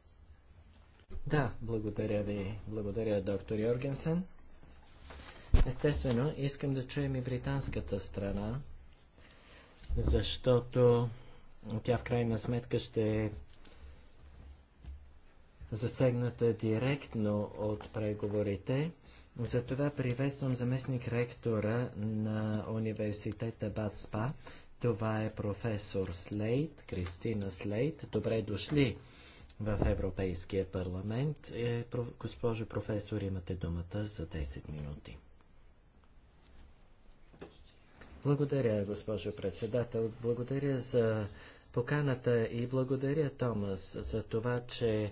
Да, благодаря ви. Благодаря, доктор Йоргенсен. Естествено, искам да чуем и британската страна, защото тя в крайна сметка ще засегната директно от преговорите. Затова приветствам заместник ректора на университета БАЦПА. Това е професор Слейт, Кристина Слейт. Добре дошли в Европейския парламент. Е, госпожо професор, имате думата за 10 минути. Благодаря, госпожо председател. Благодаря за поканата и благодаря, Томас, за това, че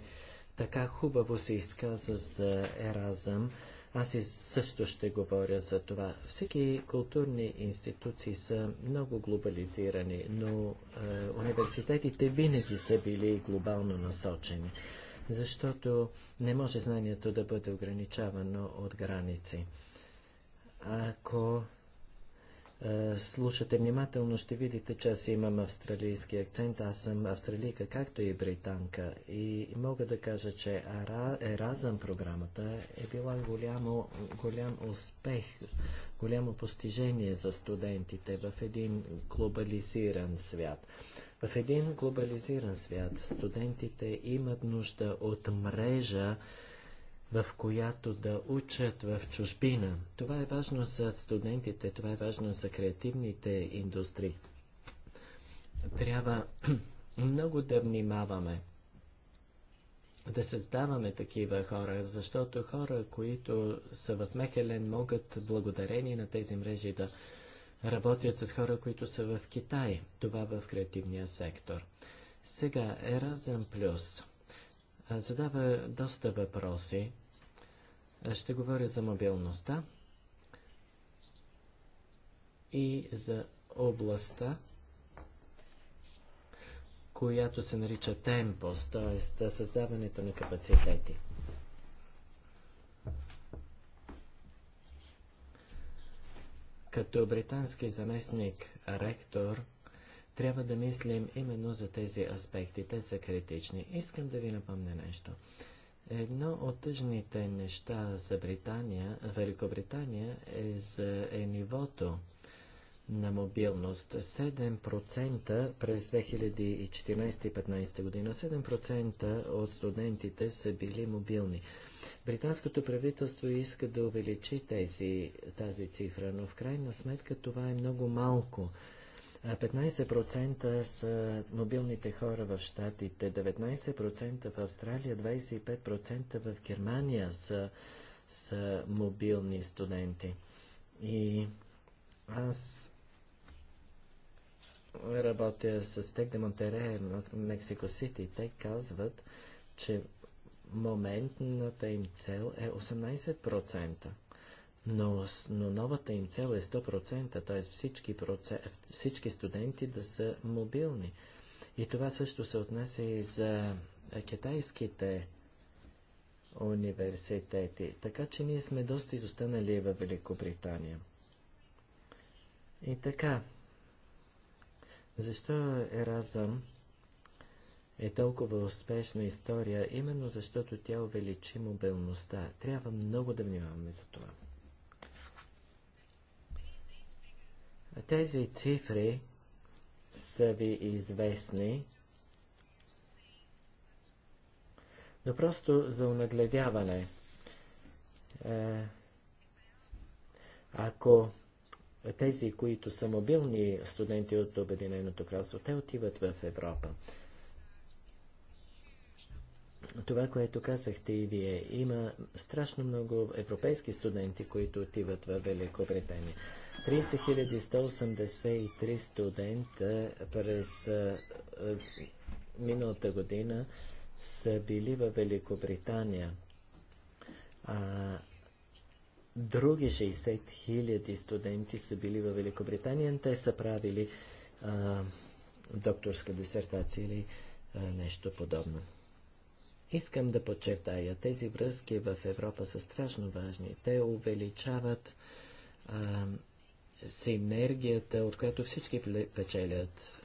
така хубаво се изказа за Еразъм, аз и също ще говоря за това. Всеки културни институции са много глобализирани, но е, университетите винаги са били глобално насочени, защото не може знанието да бъде ограничавано от граници. Ако е, слушате внимателно, ще видите, че аз имам австралийски акцент. Аз съм австралийка, както и британка. И мога да кажа, че Еразъм програмата е била голямо, голям успех, голямо постижение за студентите в един глобализиран свят. В един глобализиран свят студентите имат нужда от мрежа, в която да учат в чужбина. Това е важно за студентите, това е важно за креативните индустрии. Трябва много да внимаваме, да създаваме такива хора, защото хора, които са в Мехелен, могат благодарение на тези мрежи да работят с хора, които са в Китай. Това в креативния сектор. Сега Еразен Плюс – задава доста въпроси. Ще говоря за мобилността и за областта, която се нарича темпос, т.е. създаването на капацитети. Като британски заместник ректор трябва да мислим именно за тези аспекти. Те са критични. Искам да ви напомня нещо. Едно от тъжните неща за Британия, Великобритания е, за, е нивото на мобилност. 7% през 2014-2015 година. 7% от студентите са били мобилни. Британското правителство иска да увеличи тези, тази цифра, но в крайна сметка това е много малко. 15% са мобилните хора в Штатите, 19% в Австралия, 25% в Германия са, са мобилни студенти. И аз работя с Тек де Монтере в Мексико Сити. Те казват, че моментната им цел е 18% но, но новата им цел е 100%, т.е. Всички, всички студенти да са мобилни. И това също се отнася и за китайските университети. Така че ние сме доста изостанали във Великобритания. И така, защо Еразъм е толкова успешна история, именно защото тя увеличи мобилността. Трябва много да внимаваме за това. Тези цифри са ви известни, но просто за унагледяване. Е, ако тези, които са мобилни студенти от Обединеното кралство, те отиват в Европа. Това, което казахте и вие, има страшно много европейски студенти, които отиват в Великобритания. 30183 студента през миналата година са били във Великобритания. А, други 60 000 студенти са били във Великобритания. Те са правили а, докторска дисертация или а, нещо подобно. Искам да подчертая, тези връзки в Европа са страшно важни. Те увеличават а, синергията, от която всички печелят.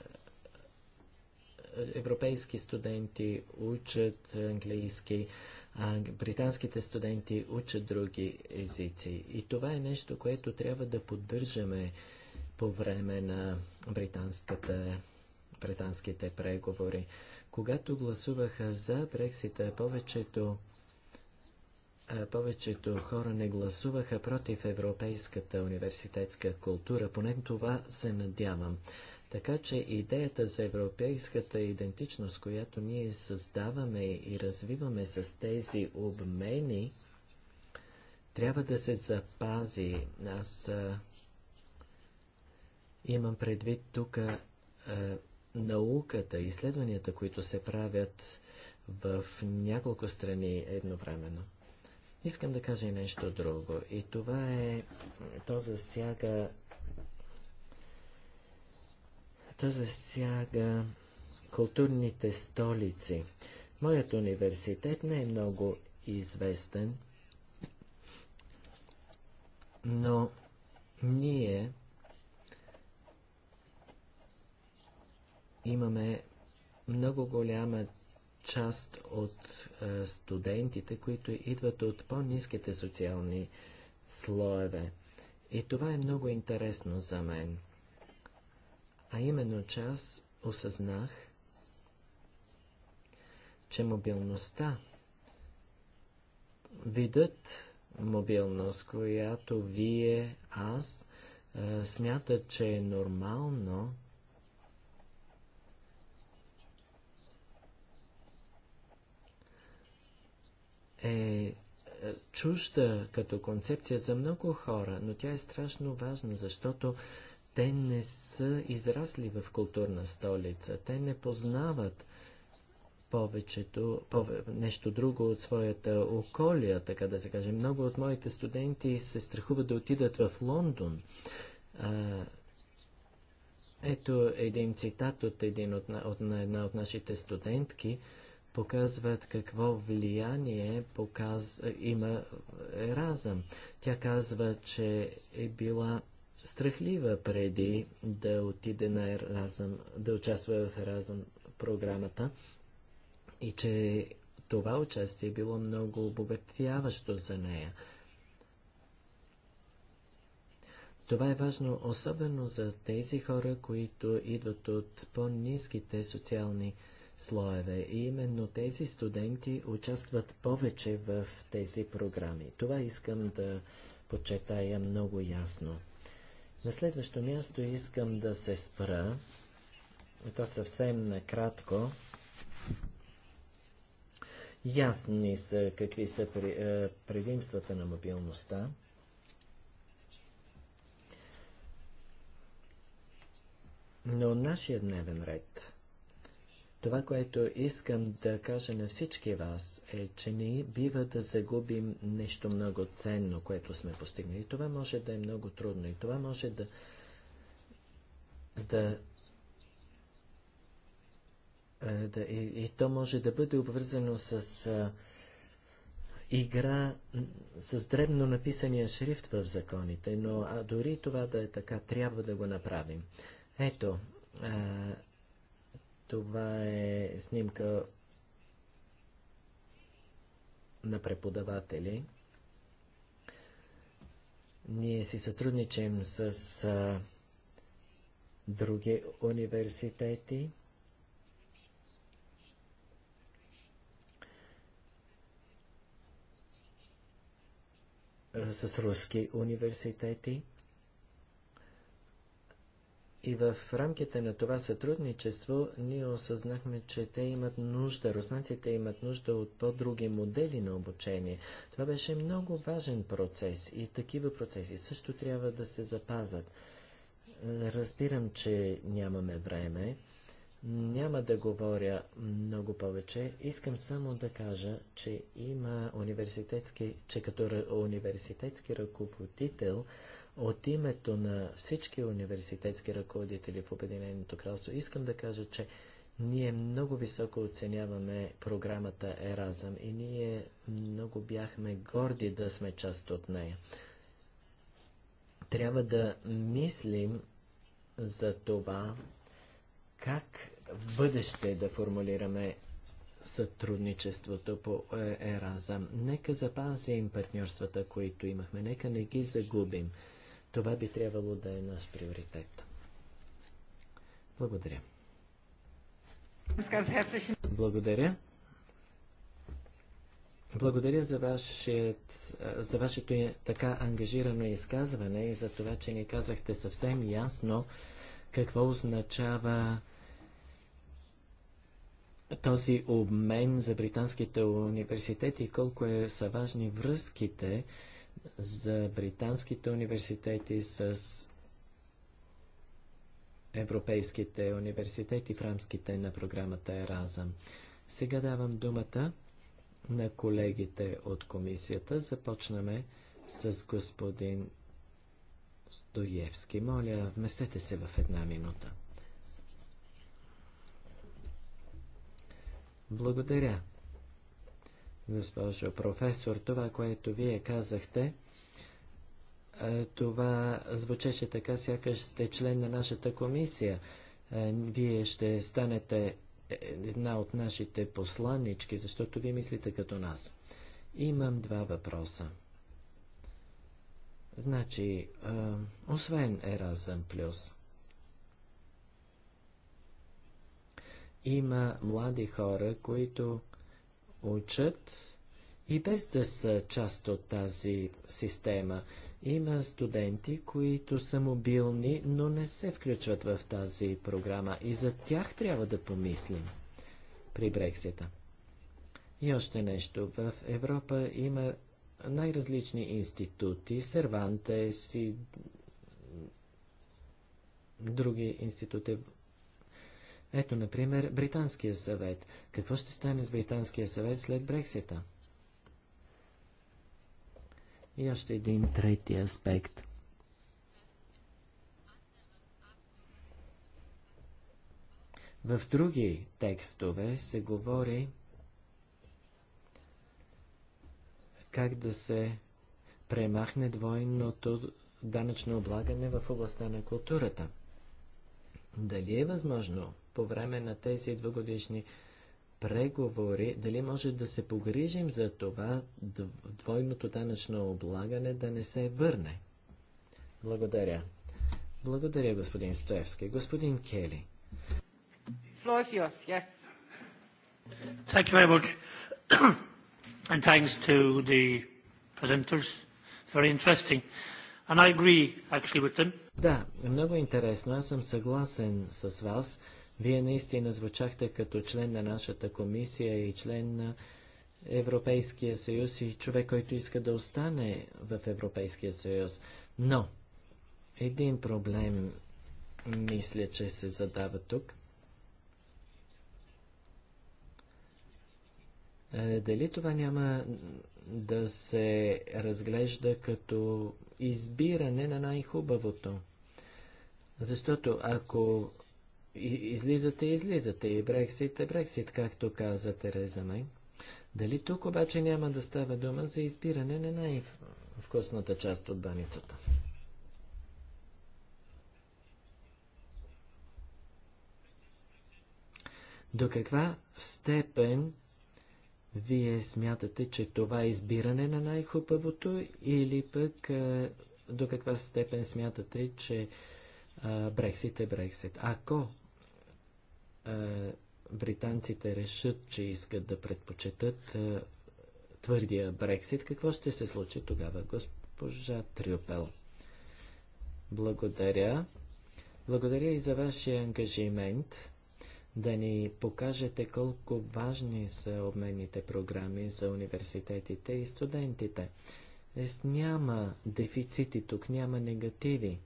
Европейски студенти учат английски, а британските студенти учат други езици. И това е нещо, което трябва да поддържаме по време на британската британските преговори. Когато гласуваха за Брексита, повечето повечето хора не гласуваха против европейската университетска култура, поне това се надявам. Така че идеята за европейската идентичност, която ние създаваме и развиваме с тези обмени, трябва да се запази. Аз а, имам предвид тук а, науката, изследванията, които се правят в няколко страни едновременно. Искам да кажа и нещо друго. И това е, то засяга, то засяга културните столици. Моят университет не е много известен, но ние имаме много голяма част от е, студентите, които идват от по-низките социални слоеве. И това е много интересно за мен. А именно, час аз осъзнах, че мобилността, видът мобилност, която вие, аз, е, смятат, че е нормално Е, е чужда като концепция за много хора, но тя е страшно важна, защото те не са израсли в културна столица. Те не познават повечето, пове, нещо друго от своята околия, така да се каже. Много от моите студенти се страхуват да отидат в Лондон. А, ето един цитат от, един от, от, на една от нашите студентки. А, показват какво влияние показ... има разъм. Тя казва, че е била страхлива преди да отиде на разъм, да участва в разъм програмата и че това участие е било много обогатяващо за нея. Това е важно особено за тези хора, които идват от по-низките социални слоеве. И именно тези студенти участват повече в тези програми. Това искам да подчертая много ясно. На следващо място искам да се спра, и то съвсем накратко. Ясни са какви са е, предимствата на мобилността. Но нашия дневен ред това, което искам да кажа на всички вас е, че не бива да загубим нещо много ценно, което сме постигнали. Това може да е много трудно и това може да, да да, и, и то може да бъде обвързано с а, игра, с дребно написания шрифт в законите, но а дори това да е така, трябва да го направим. Ето, а, това е снимка на преподаватели. Ние си сътрудничим с а, други университети. с руски университети. И в рамките на това сътрудничество ние осъзнахме, че те имат нужда, руснаците имат нужда от по-други модели на обучение. Това беше много важен процес и такива процеси също трябва да се запазат. Разбирам, че нямаме време. Няма да говоря много повече. Искам само да кажа, че има университетски, че като университетски ръководител от името на всички университетски ръководители в Обединеното кралство искам да кажа, че ние много високо оценяваме програмата Еразъм и ние много бяхме горди да сме част от нея. Трябва да мислим за това как в бъдеще да формулираме сътрудничеството по е- Еразъм. Нека запазим партньорствата, които имахме, нека не ги загубим. Това би трябвало да е наш приоритет. Благодаря. Благодаря. Благодаря за, вашият, за вашето така ангажирано изказване и за това, че ни казахте съвсем ясно какво означава този обмен за британските университети и колко е, са важни връзките за британските университети с европейските университети в рамките на програмата Еразъм. Сега давам думата на колегите от комисията. Започнаме с господин Стоевски. Моля, вместете се в една минута. Благодаря госпожо професор. Това, което вие казахте, е, това звучеше така, сякаш сте член на нашата комисия. Е, вие ще станете една от нашите посланнички, защото вие мислите като нас. Имам два въпроса. Значи, е, освен Еразъм Плюс, има млади хора, които учат и без да са част от тази система. Има студенти, които са мобилни, но не се включват в тази програма и за тях трябва да помислим при Брексита. И още нещо. В Европа има най-различни институти, Сервантес и други институти. Ето, например, Британския съвет. Какво ще стане с Британския съвет след Брексита? И още един трети аспект. В други текстове се говори как да се премахне двойното данъчно облагане в областта на културата. Дали е възможно по време на тези двугодишни преговори, дали може да се погрижим за това двойното данъчно облагане да не се върне. Благодаря. Благодаря, господин Стоевски. Господин Кели. Thank you very much. and thanks to the presenters. Very interesting. And I agree actually with them. Да, много интересно. Аз съм съгласен с вас. Вие наистина звучахте като член на нашата комисия и член на Европейския съюз и човек, който иска да остане в Европейския съюз. Но един проблем мисля, че се задава тук. Е, дали това няма да се разглежда като избиране на най-хубавото? Защото ако излизате, излизате и Брексит е Брексит, както каза Тереза Мей. Дали тук обаче няма да става дума за избиране на най-вкусната част от баницата? До каква степен вие смятате, че това е избиране на най-хубавото или пък до каква степен смятате, че Брексит е Брексит? Ако британците решат, че искат да предпочитат твърдия Брексит, какво ще се случи тогава, госпожа Трюпел? Благодаря. Благодаря и за вашия ангажимент да ни покажете колко важни са обменните програми за университетите и студентите. Няма дефицити тук, няма негативи.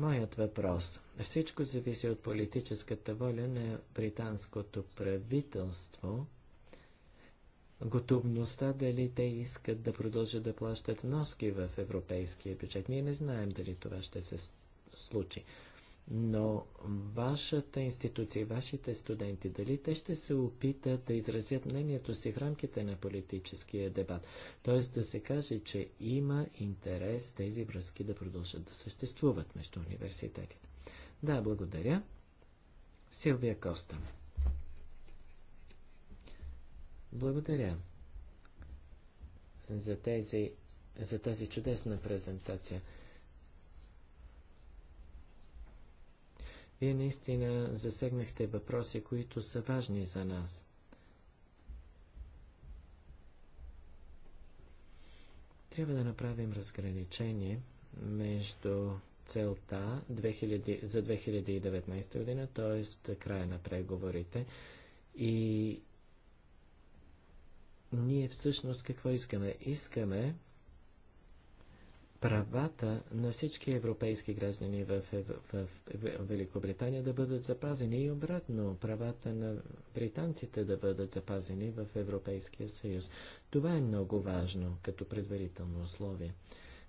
Моят въпрос. Всичко зависи от политическата воля на британското правителство, готовността дали те искат да продължат да плащат носки в европейския бюджет. Ние не знаем дали това ще се случи но вашата институция, вашите студенти, дали те ще се опитат да изразят мнението си в рамките на политическия дебат? Тоест да се каже, че има интерес тези връзки да продължат да съществуват между университетите. Да, благодаря. Силвия Коста. Благодаря за, тези, за тази чудесна презентация. Вие наистина засегнахте въпроси, които са важни за нас. Трябва да направим разграничение между целта 2000, за 2019 година, т.е. края на преговорите и ние всъщност какво искаме? Искаме правата на всички европейски граждани в, в, в, в Великобритания да бъдат запазени и обратно правата на британците да бъдат запазени в Европейския съюз. Това е много важно като предварително условие.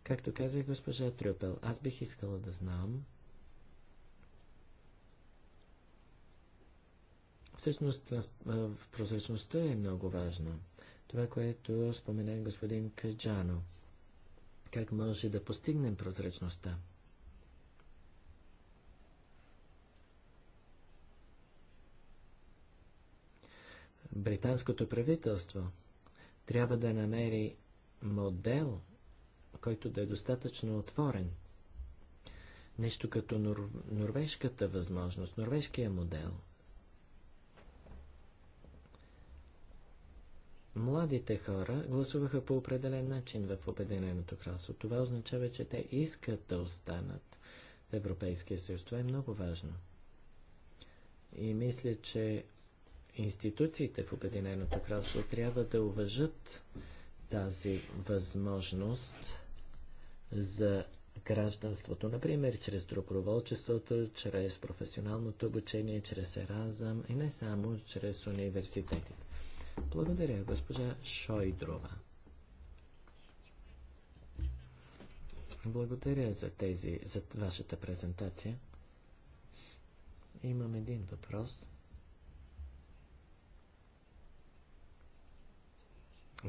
Както каза госпожа Трюпел, аз бих искала да знам Всъщност, прозрачността е много важна. Това, което спомена господин Каджано – как може да постигнем прозрачността. Британското правителство трябва да намери модел, който да е достатъчно отворен. Нещо като нор... норвежката възможност, норвежкия модел – Младите хора гласуваха по определен начин в Обединеното кралство. Това означава, че те искат да останат в Европейския съюз. Това е много важно. И мисля, че институциите в Обединеното кралство трябва да уважат тази възможност за гражданството, например, чрез доброволчеството, чрез професионалното обучение, чрез еразъм и не само чрез университетите. Благодаря, госпожа Шойдрова. Благодаря за тези, за вашата презентация. Имам един въпрос.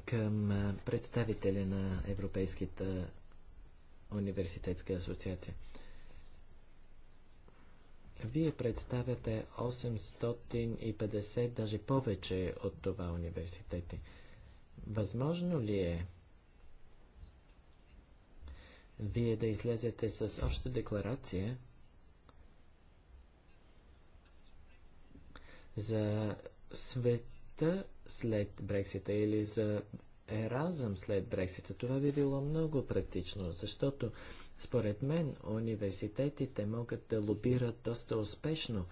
Към представителя на Европейската университетска асоциация. Вие представяте 850, даже повече от това университети. Възможно ли е вие да излезете с още декларация за света след Брексита или за еразъм след Брексита? Това би било много практично, защото според мен, университетите могат да лобират доста успешно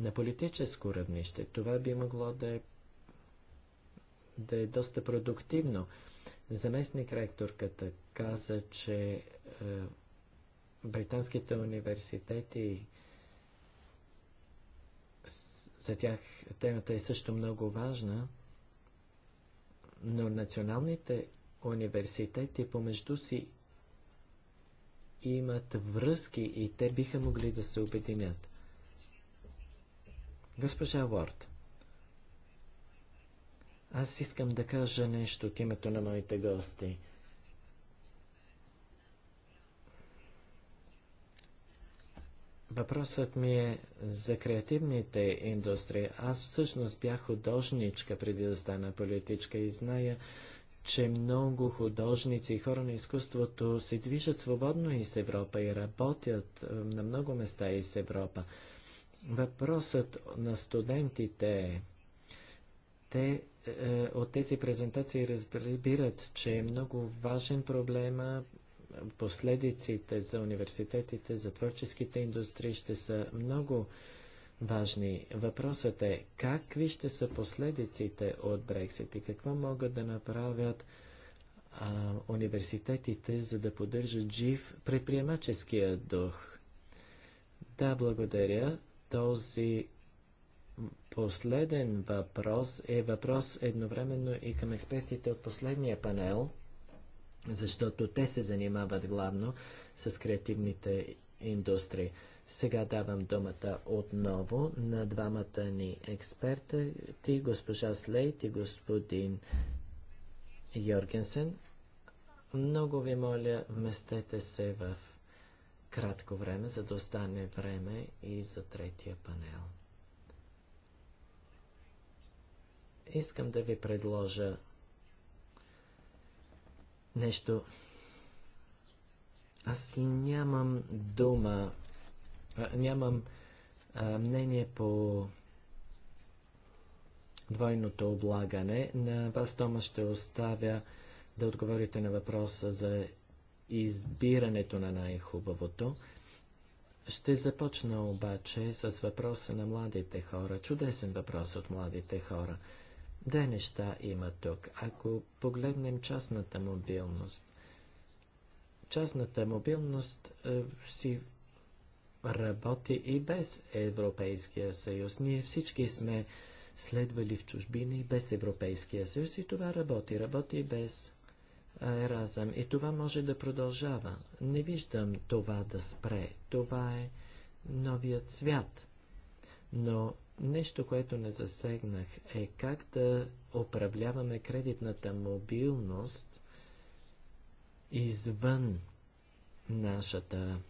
на политическо равнище. Това би могло да е, да е доста продуктивно. Заместник ректорката каза, че е, британските университети за тях темата е също много важна, но националните университети помежду си имат връзки и те биха могли да се обединят. Госпожа Уорд, аз искам да кажа нещо от името на моите гости. Въпросът ми е за креативните индустрии. Аз всъщност бях художничка преди да стана политичка и зная че много художници и хора на изкуството се движат свободно из Европа и работят е, на много места из Европа. Въпросът на студентите е, те е, от тези презентации разбират, че е много важен проблема, последиците за университетите, за творческите индустрии ще са много важни. Въпросът е какви ще са последиците от Брексит и какво могат да направят а, университетите, за да поддържат жив предприемаческия дух. Да, благодаря. Този последен въпрос е въпрос едновременно и към експертите от последния панел, защото те се занимават главно с креативните индустрии. Сега давам думата отново на двамата ни експерта, ти госпожа Слейт и господин Йоргенсен. Много ви моля, вместете се в кратко време, за да остане време и за третия панел. Искам да ви предложа нещо аз нямам дума, нямам а, мнение по двойното облагане. На вас, Тома, ще оставя да отговорите на въпроса за избирането на най-хубавото. Ще започна обаче с въпроса на младите хора. Чудесен въпрос от младите хора. Две неща има тук. Ако погледнем частната мобилност, частната мобилност е, си работи и без Европейския съюз. Ние всички сме следвали в чужбина и без Европейския съюз и това работи. Работи без еразъм. И това може да продължава. Не виждам това да спре. Това е новият свят. Но нещо, което не засегнах е как да управляваме кредитната мобилност извън нашата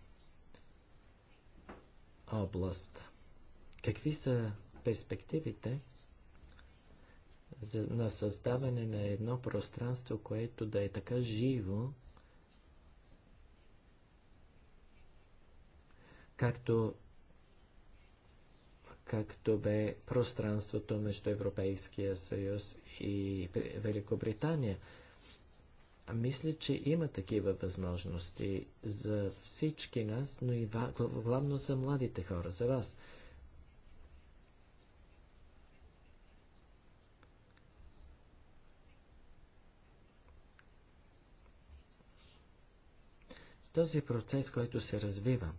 област. Какви са перспективите за, на създаване на едно пространство, което да е така живо, както, както бе пространството между Европейския съюз и Великобритания – мисля, че има такива възможности за всички нас, но и главно за младите хора, за вас. Този процес, който се развива,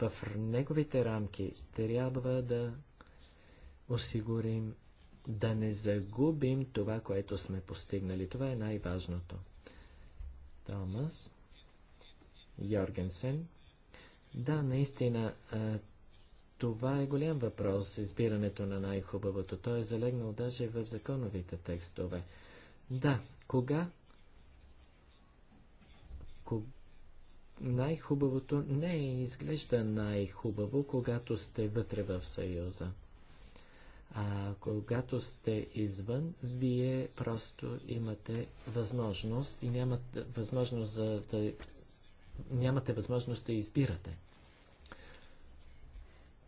в неговите рамки трябва да осигурим да не загубим това, което сме постигнали. Това е най-важното. Томас Йоргенсен. Да, наистина, това е голям въпрос, избирането на най-хубавото. Той е залегнал даже в законовите текстове. Да, кога? Кога? най-хубавото не е изглежда най-хубаво, когато сте вътре в Съюза. А когато сте извън, вие просто имате възможност и нямате възможност за да, нямате възможност да избирате.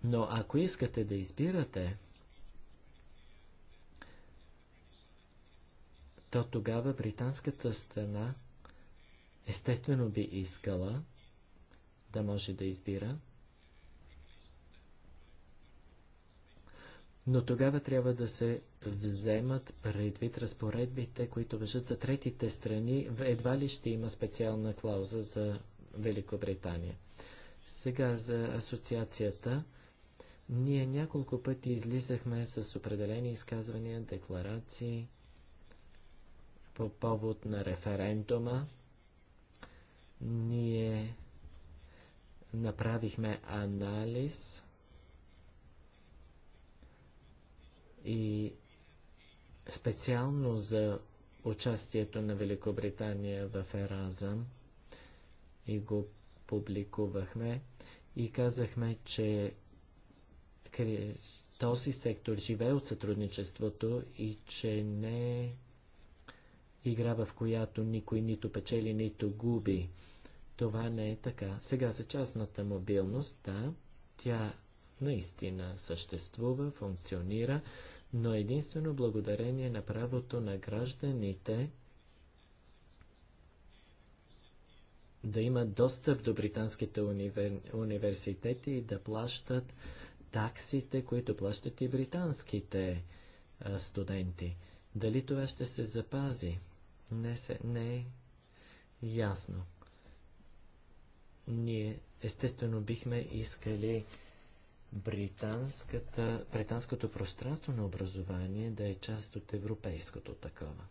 Но ако искате да избирате, то тогава британската страна естествено би искала да може да избира, но тогава трябва да се вземат предвид разпоредбите, които въжат за третите страни. Едва ли ще има специална клауза за Великобритания. Сега за асоциацията. Ние няколко пъти излизахме с определени изказвания, декларации по повод на референдума. Ние направихме анализ и специално за участието на Великобритания в Еразъм и го публикувахме и казахме, че този сектор живее от сътрудничеството и че не е игра, в която никой нито печели, нито губи. Това не е така. Сега за частната мобилност, да, тя наистина съществува, функционира но единствено благодарение на правото на гражданите да имат достъп до британските универ... университети и да плащат таксите, които плащат и британските а, студенти. Дали това ще се запази? Не, се... не е ясно. Ние естествено бихме искали британското пространство на образование да е част от европейското такова.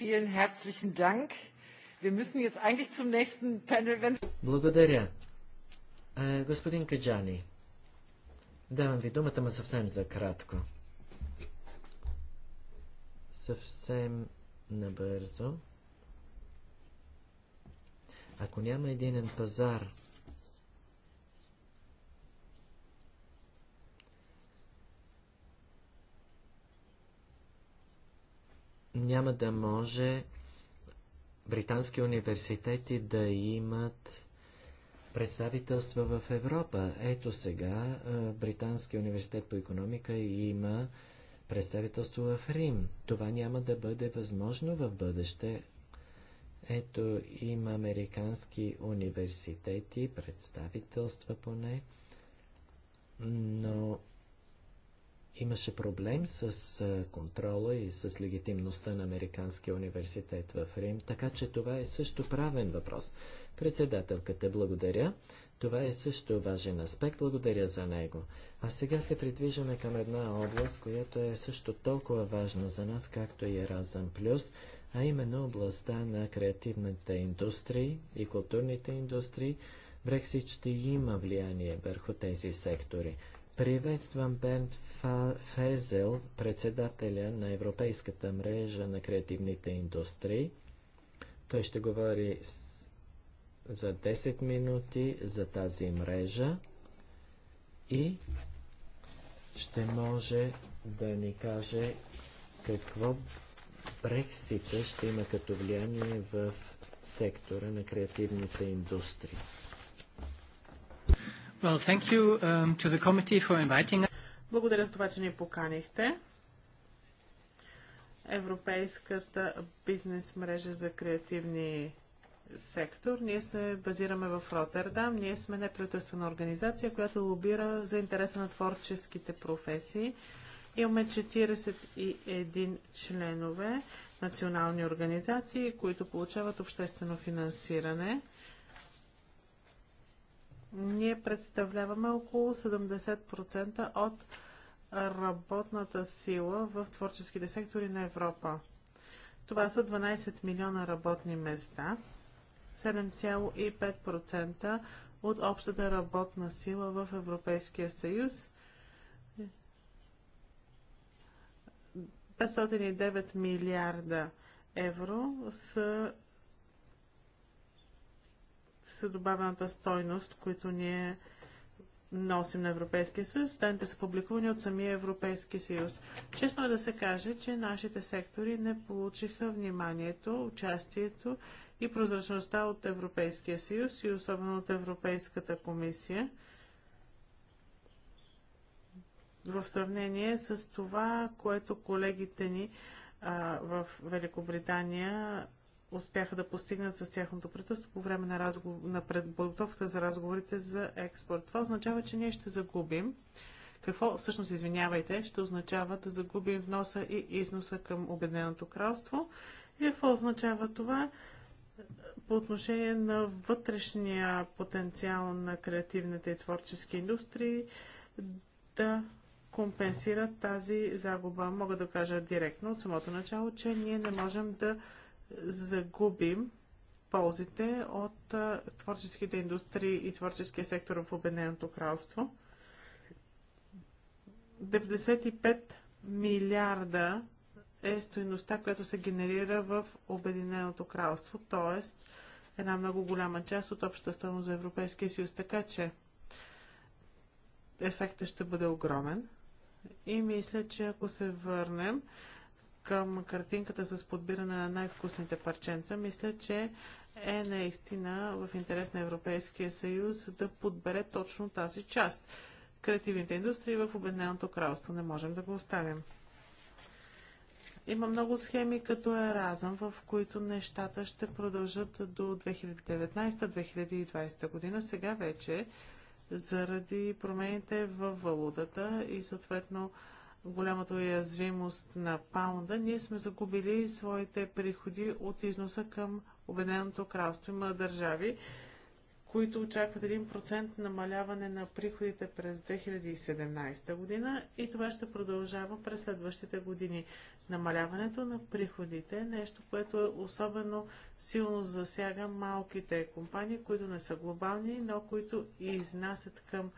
Vielen herzlichen Dank. Wir müssen jetzt eigentlich zum nächsten Panel, wenn... Благодаря. господин Каджани, давам ви думата, ма съвсем за кратко. Съвсем набързо. Ако няма единен пазар няма да може британски университети да имат представителства в Европа. Ето сега Британски университет по економика има представителство в Рим. Това няма да бъде възможно в бъдеще. Ето има американски университети, представителства поне, но имаше проблем с контрола и с легитимността на Американския университет в Рим, така че това е също правен въпрос. Председателката, благодаря. Това е също важен аспект, благодаря за него. А сега се придвижваме към една област, която е също толкова важна за нас, както и Еразъм Плюс, а именно областта на креативните индустрии и културните индустрии. Брексит ще има влияние върху тези сектори. Приветствам Бернт Фезел, председателя на Европейската мрежа на креативните индустрии. Той ще говори за 10 минути за тази мрежа и ще може да ни каже какво Брексита ще има като влияние в сектора на креативните индустрии. Well, thank you um, to the committee for inviting us. Благодаря за това, че ни поканихте. Европейската бизнес мрежа за креативни сектор. Ние се базираме в Роттердам. Ние сме неправителствена организация, която лобира за интереса на творческите професии. Имаме 41 членове национални организации, които получават обществено финансиране. Ние представляваме около 70% от работната сила в творческите сектори на Европа. Това са 12 милиона работни места, 7,5% от общата работна сила в Европейския съюз, 509 милиарда евро са с добавената стойност, които ние носим на Европейския съюз. Данните са публикувани от самия Европейски съюз. Честно е да се каже, че нашите сектори не получиха вниманието, участието и прозрачността от Европейския съюз и особено от Европейската комисия в сравнение с това, което колегите ни а, в Великобритания успяха да постигнат с тяхното правителство по време на, разгов... на подготовката за разговорите за експорт. Това означава, че ние ще загубим. Какво всъщност, извинявайте, ще означава да загубим вноса и износа към Обединеното кралство? И какво означава това по отношение на вътрешния потенциал на креативните и творчески индустрии да компенсират тази загуба? Мога да кажа директно от самото начало, че ние не можем да загубим ползите от творческите индустрии и творческия сектор в Обединеното кралство. 95 милиарда е стоеността, която се генерира в Обединеното кралство, т.е. една много голяма част от общата стоеност за Европейския съюз. Така че ефектът ще бъде огромен. И мисля, че ако се върнем към картинката с подбиране на най-вкусните парченца, мисля, че е наистина в интерес на Европейския съюз да подбере точно тази част. Креативните индустрии в Обединеното кралство не можем да го оставим. Има много схеми като Еразъм, в които нещата ще продължат до 2019-2020 година. Сега вече, заради промените в валутата и съответно голямата уязвимост на паунда, ние сме загубили своите приходи от износа към Обединеното кралство. Има държави, които очакват 1% намаляване на приходите през 2017 година и това ще продължава през следващите години. Намаляването на приходите е нещо, което е особено силно засяга малките компании, които не са глобални, но които и изнасят към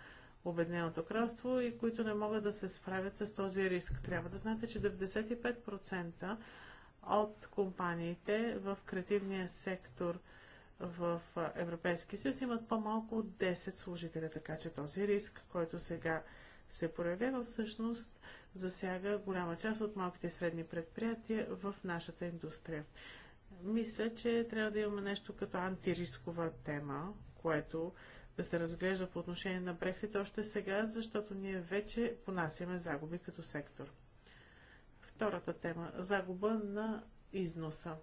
Обединеното кралство и които не могат да се справят с този риск. Трябва да знаете, че 95% от компаниите в креативния сектор в Европейски съюз имат по-малко от 10 служителя, така че този риск, който сега се проявява, всъщност засяга голяма част от малките и средни предприятия в нашата индустрия. Мисля, че трябва да имаме нещо като антирискова тема което да се разглежда по отношение на Брексит още сега, защото ние вече понасяме загуби като сектор. Втората тема – загуба на износа.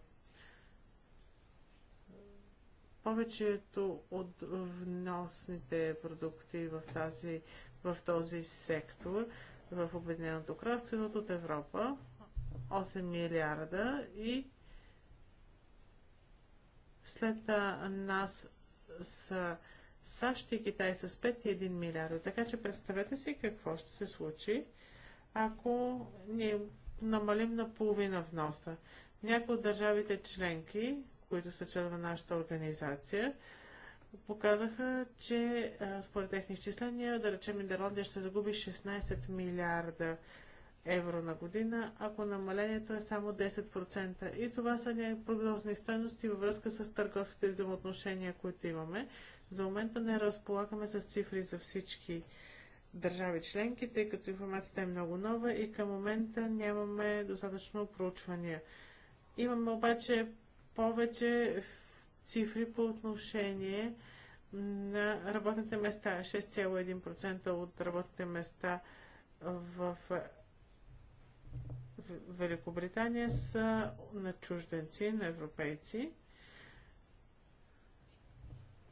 Повечето от вносните продукти в, тази, в този сектор в Обединеното кралство идват от Европа 8 милиарда и след нас с САЩ и Китай с 5,1 милиарда. Така че представете си какво ще се случи, ако ние намалим на половина вноса. Някои от държавите членки, които са членове на нашата организация, показаха, че според техни изчисления, да речем Нидерландия ще загуби 16 милиарда евро на година, ако намалението е само 10%. И това са някакви прогнозни стойности във връзка с търговските взаимоотношения, които имаме. За момента не разполагаме с цифри за всички държави членки, тъй като информацията е много нова и към момента нямаме достатъчно проучвания. Имаме обаче повече цифри по отношение на работните места. 6,1% от работните места в Великобритания са на чужденци, на европейци,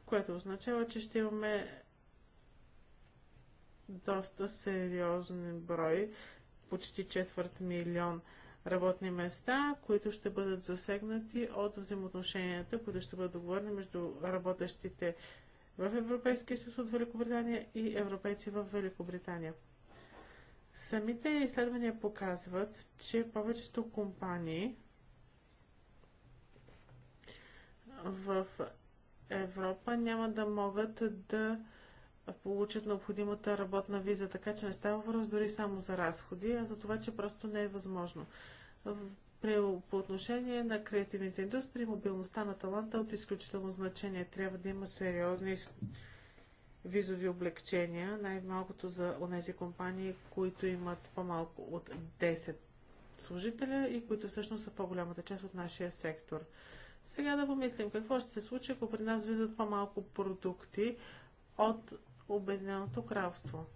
което означава, че ще имаме доста сериозен брой, почти четвърт милион работни места, които ще бъдат засегнати от взаимоотношенията, които ще бъдат договорени между работещите в Европейския съюз от Великобритания и европейци в Великобритания. Самите изследвания показват, че повечето компании в Европа няма да могат да получат необходимата работна виза, така че не става въпрос дори само за разходи, а за това, че просто не е възможно. При, по отношение на креативните индустрии, мобилността на таланта е от изключително значение. Трябва да има сериозни визови облегчения, най-малкото за онези компании, които имат по-малко от 10 служителя и които всъщност са по-голямата част от нашия сектор. Сега да помислим какво ще се случи, ако при нас влизат по-малко продукти от Обединеното кралство.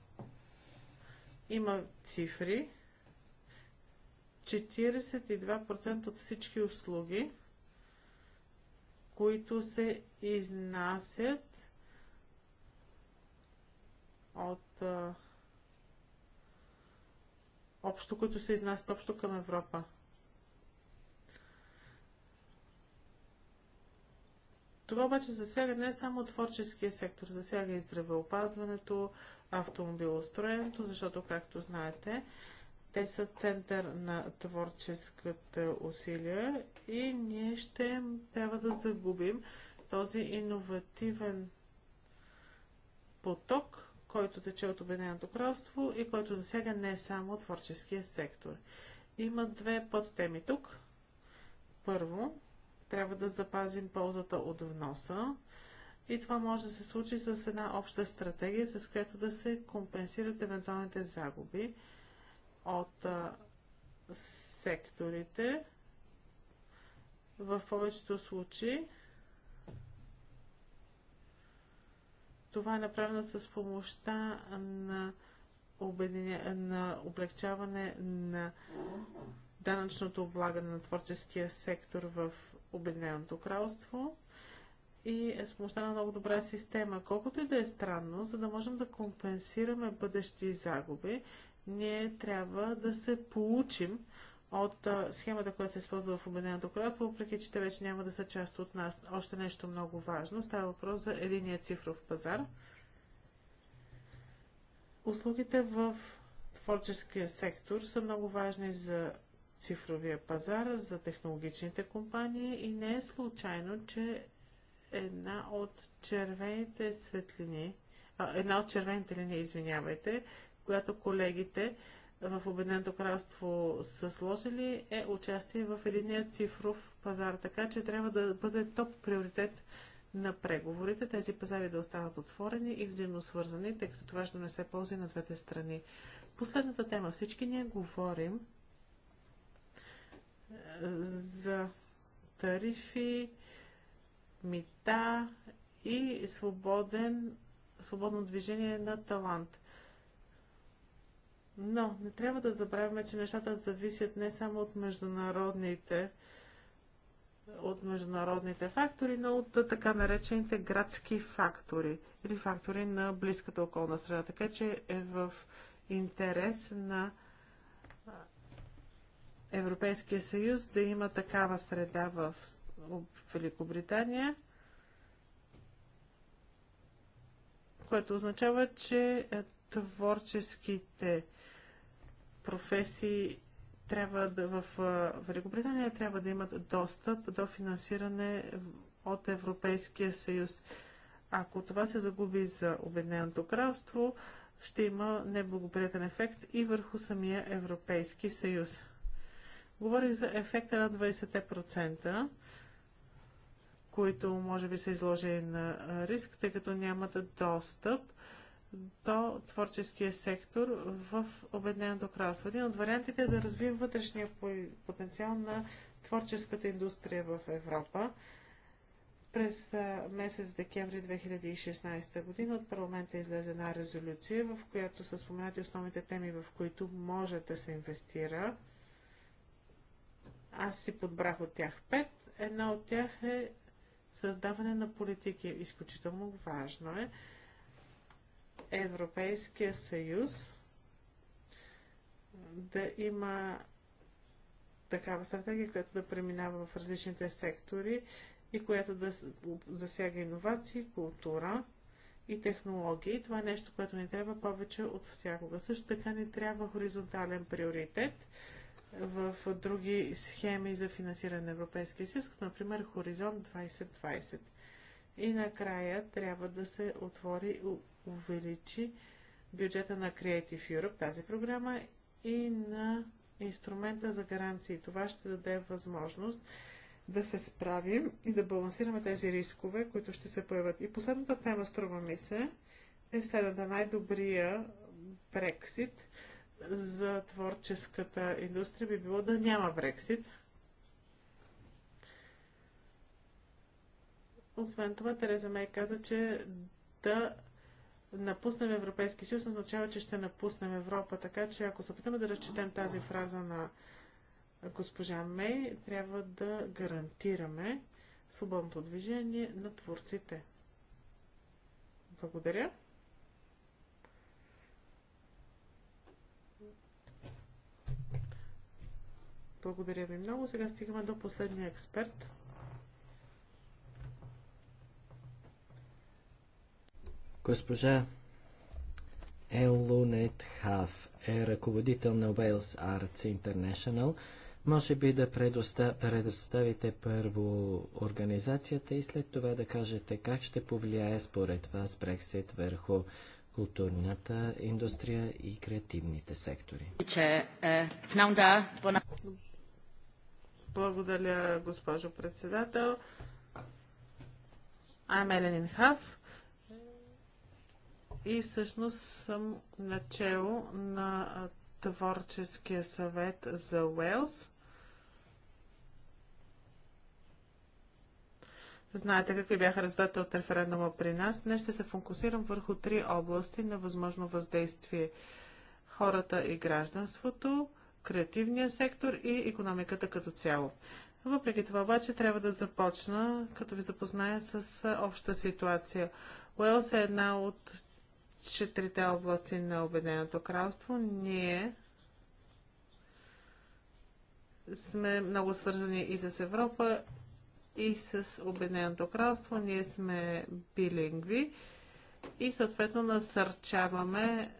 Има цифри. 42% от всички услуги, които се изнасят от а, общо, които се изнасят общо към Европа. Това обаче засяга не само творческия сектор, засяга и здравеопазването, автомобилостроенето, защото, както знаете, те са център на творческата усилия и ние ще трябва да загубим този иновативен поток, който тече от Обединеното кралство и който засяга не само творческия сектор. Има две подтеми тук. Първо, трябва да запазим ползата от вноса и това може да се случи с една обща стратегия, с която да се компенсират евентуалните загуби от а, секторите. В повечето случаи Това е направено с помощта на, обедине, на облегчаване на данъчното облагане на творческия сектор в Обединеното кралство и е с помощта на много добра система. Колкото и да е странно, за да можем да компенсираме бъдещи загуби, ние трябва да се получим от схемата, която се използва в Обединеното кралство, въпреки че те вече няма да са част от нас. Още нещо много важно. Става въпрос за единия цифров пазар. Услугите в творческия сектор са много важни за цифровия пазар, за технологичните компании и не е случайно, че една от червените светлини, а, една от червените линии, извинявайте, която колегите в Обединеното кралство са сложили е участие в единия цифров пазар. Така че трябва да бъде топ приоритет на преговорите. Тези пазари да останат отворени и взаимно свързани, тъй като това ще не се ползи на двете страни. Последната тема. Всички ние говорим е, за тарифи, мита и свободен, свободно движение на талант. Но не трябва да забравяме, че нещата зависят не само от международните от международните фактори, но от така наречените градски фактори или фактори на близката околна среда. Така че е в интерес на Европейския съюз да има такава среда в Великобритания, което означава, че творческите професии трябва да, в Великобритания трябва да имат достъп до финансиране от Европейския съюз. Ако това се загуби за Обединеното кралство, ще има неблагоприятен ефект и върху самия Европейски съюз. Говорих за ефекта на 20%, които може би са изложени на риск, тъй като нямат достъп до творческия сектор в Обединеното кралство. Един от вариантите е да развием вътрешния потенциал на творческата индустрия в Европа. През месец декември 2016 година от парламента излезе една резолюция, в която са споменати основните теми, в които може да се инвестира. Аз си подбрах от тях пет. Една от тях е създаване на политики. Изключително важно е Европейския съюз да има такава стратегия, която да преминава в различните сектори и която да засяга иновации, култура и технологии. Това е нещо, което ни трябва повече от всякога. Също така ни трябва хоризонтален приоритет в други схеми за финансиране на Европейския съюз, като например Хоризонт 2020. И накрая трябва да се отвори увеличи бюджета на Creative Europe, тази програма, и на инструмента за гаранции. Това ще даде възможност да се справим и да балансираме тези рискове, които ще се появят. И последната тема, струва ми се, е следната най-добрия Брексит за творческата индустрия би било да няма Брексит. Освен това, Тереза Мей каза, че да напуснем Европейския съюз, означава, че ще напуснем Европа. Така че ако се опитаме да разчетем тази фраза на госпожа Мей, трябва да гарантираме свободното движение на творците. Благодаря. Благодаря ви много. Сега стигаме до последния експерт. Госпожа Елунет Хав е ръководител на Wales Arts International. Може би да предоста... предоставите първо организацията и след това да кажете как ще повлияе според вас Брексит върху културната индустрия и креативните сектори. Е, Благодаря, госпожо председател. I'm Елен Хав и всъщност съм начало на творческия съвет за Уелс. Знаете какви бяха резултатите от референдума при нас. Днес ще се фокусирам върху три области на възможно въздействие. Хората и гражданството, креативния сектор и економиката като цяло. Въпреки това обаче трябва да започна, като ви запозная с обща ситуация. Уелс е една от четирите области на Обединеното кралство, ние сме много свързани и с Европа, и с Обединеното кралство. Ние сме билингви и съответно насърчаваме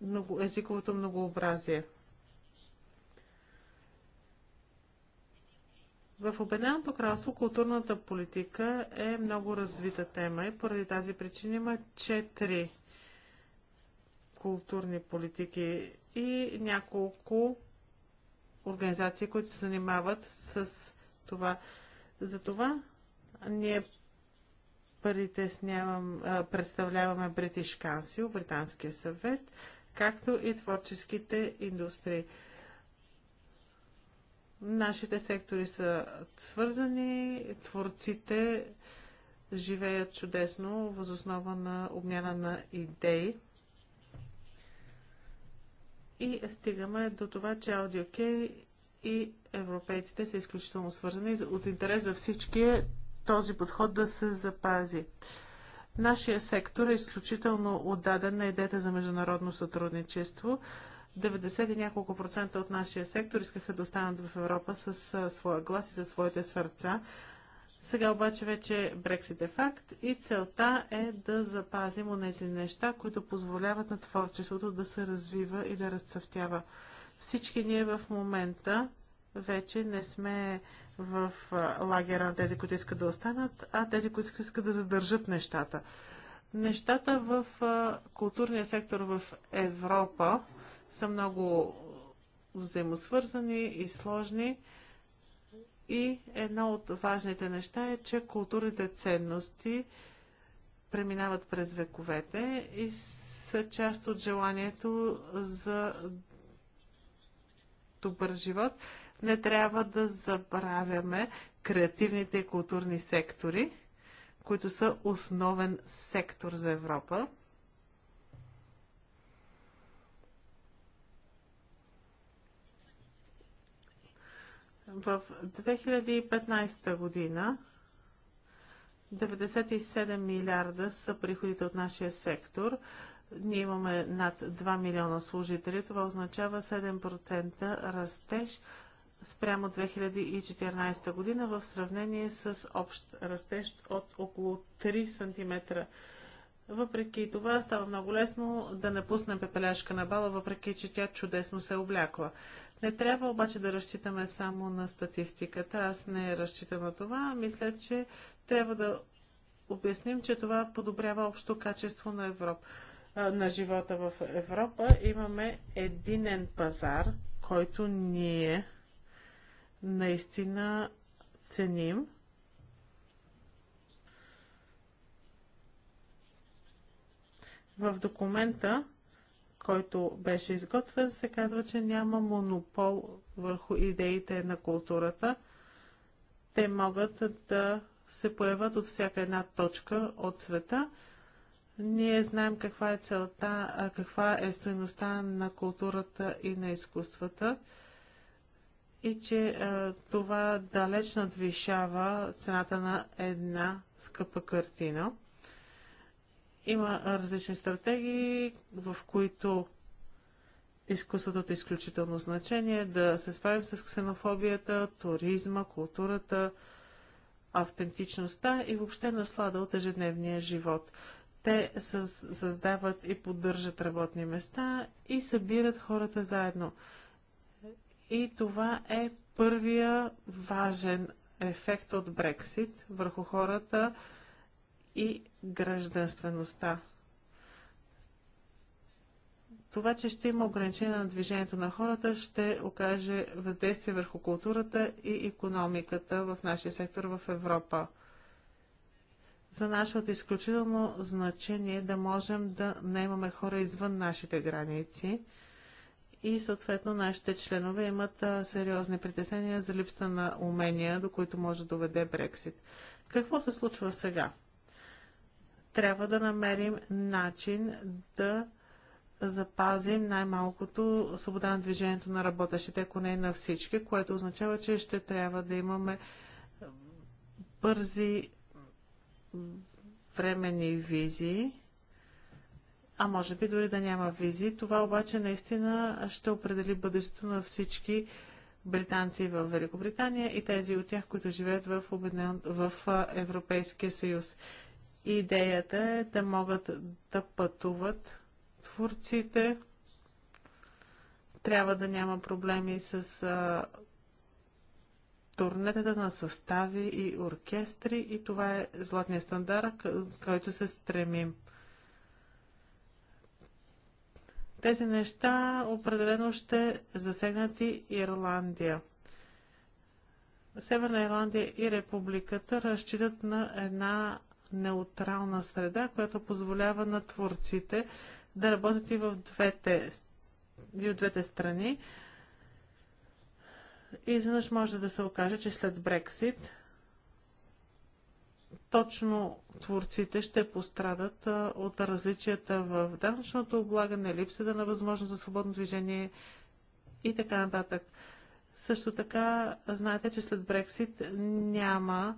много, езиковото многообразие. В Обединеното кралство културната политика е много развита тема и поради тази причина има четири културни политики и няколко организации, които се занимават с това. Затова ние представляваме British Council, Британския съвет, както и творческите индустрии. Нашите сектори са свързани, творците живеят чудесно възоснова на обмяна на идеи. И стигаме до това, че Audio K и европейците са изключително свързани. От интерес за всички е този подход да се запази. Нашия сектор е изключително отдаден на идеята за международно сътрудничество. 90 и няколко процента от нашия сектор искаха да останат в Европа с своя глас и със своите сърца. Сега обаче вече Брексит е факт и целта е да запазим онези неща, които позволяват на творчеството да се развива и да разцъфтява. Всички ние в момента вече не сме в лагера на тези, които искат да останат, а тези, които искат да задържат нещата. Нещата в културния сектор в Европа са много взаимосвързани и сложни. И едно от важните неща е, че културните ценности преминават през вековете и са част от желанието за добър живот. Не трябва да забравяме креативните и културни сектори, които са основен сектор за Европа. В 2015 година 97 милиарда са приходите от нашия сектор. Ние имаме над 2 милиона служители. Това означава 7% растеж спрямо 2014 година в сравнение с общ растеж от около 3 см. Въпреки това става много лесно да не пуснем пепеляшка на бала, въпреки че тя чудесно се обляква. Не трябва обаче да разчитаме само на статистиката. Аз не разчитам на това. Мисля, че трябва да обясним, че това подобрява общо качество на Европа на живота в Европа. Имаме единен пазар, който ние наистина ценим. В документа който беше изготвен, се казва, че няма монопол върху идеите на културата. Те могат да се появят от всяка една точка от света. Ние знаем каква е целта, каква е стоеността на културата и на изкуствата и че е, това далеч надвишава цената на една скъпа картина. Има различни стратегии, в които изкуството е изключително значение, да се справим с ксенофобията, туризма, културата, автентичността и въобще наслада от ежедневния живот. Те създават и поддържат работни места и събират хората заедно. И това е първия важен ефект от Брексит върху хората, и гражданствеността. Това, че ще има ограничение на движението на хората, ще окаже въздействие върху културата и економиката в нашия сектор в Европа. За нашето от изключително значение да можем да не имаме хора извън нашите граници и съответно нашите членове имат сериозни притеснения за липса на умения, до които може да доведе Брексит. Какво се случва сега? трябва да намерим начин да запазим най-малкото свобода на движението на работещите, ако не на всички, което означава, че ще трябва да имаме бързи временни визии, а може би дори да няма визи. Това обаче наистина ще определи бъдещето на всички британци в Великобритания и тези от тях, които живеят в, в Европейския съюз. Идеята е да могат да пътуват творците. Трябва да няма проблеми с а, турнетата на състави и оркестри и това е златния стандарт, който се стремим. Тези неща определено ще засегнат и Ирландия. Северна Ирландия и Републиката разчитат на една неутрална среда, която позволява на творците да работят и в двете, и от двете страни. И изведнъж може да се окаже, че след Брексит точно творците ще пострадат от различията в данъчното облагане, липсата на възможност за свободно движение и така нататък. Също така, знаете, че след Брексит няма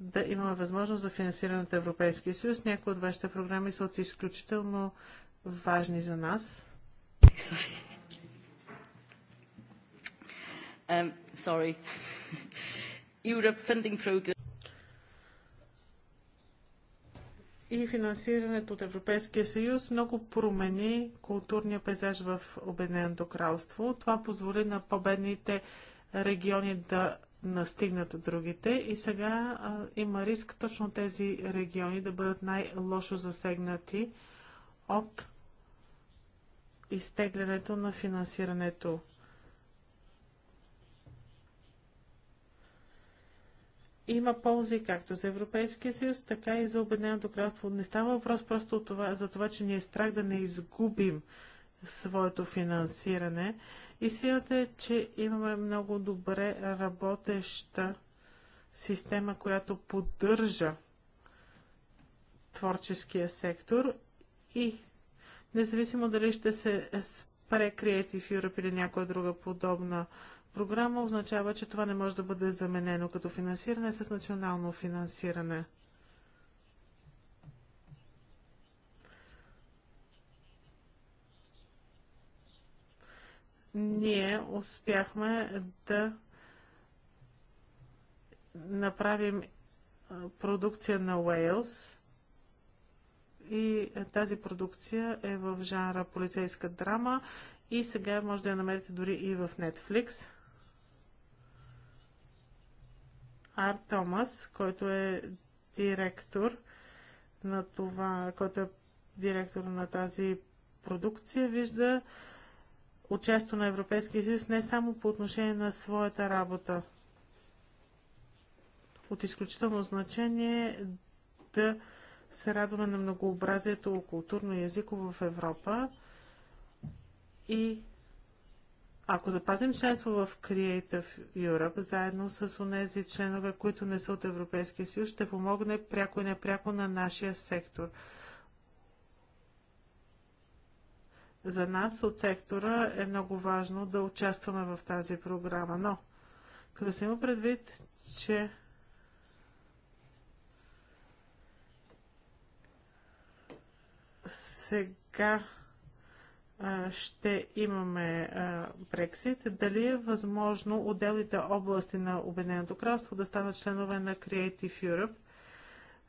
да имаме възможност за финансиране от Европейския съюз. Някои от вашите програми са от изключително важни за нас. Sorry. Um, sorry. Europe funding program. И финансирането от Европейския съюз много промени културния пейзаж в Обединеното кралство. Това позволи на победните региони да настигнат другите и сега а, има риск точно тези региони да бъдат най-лошо засегнати от изтеглянето на финансирането. Има ползи както за Европейския съюз, така и за Обединеното кралство. Не става въпрос просто това, за това, че ни е страх да не изгубим своето финансиране. Истината е, че имаме много добре работеща система, която поддържа творческия сектор и независимо дали ще се спре Creative Europe или някоя друга подобна програма, означава, че това не може да бъде заменено като финансиране с национално финансиране. ние успяхме да направим продукция на Уейлс и тази продукция е в жанра полицейска драма и сега може да я намерите дори и в Netflix. Ар Томас, който е директор на това, който е директор на тази продукция, вижда участието на Европейския съюз не само по отношение на своята работа. От изключително значение е да се радваме на многообразието културно и езиково в Европа и ако запазим членство в Creative Europe, заедно с онези членове, които не са от Европейския съюз, ще помогне пряко и непряко на нашия сектор. За нас от сектора е много важно да участваме в тази програма, но като си има предвид, че сега ще имаме Брексит, дали е възможно отделните области на Обединеното кралство да станат членове на Creative Europe.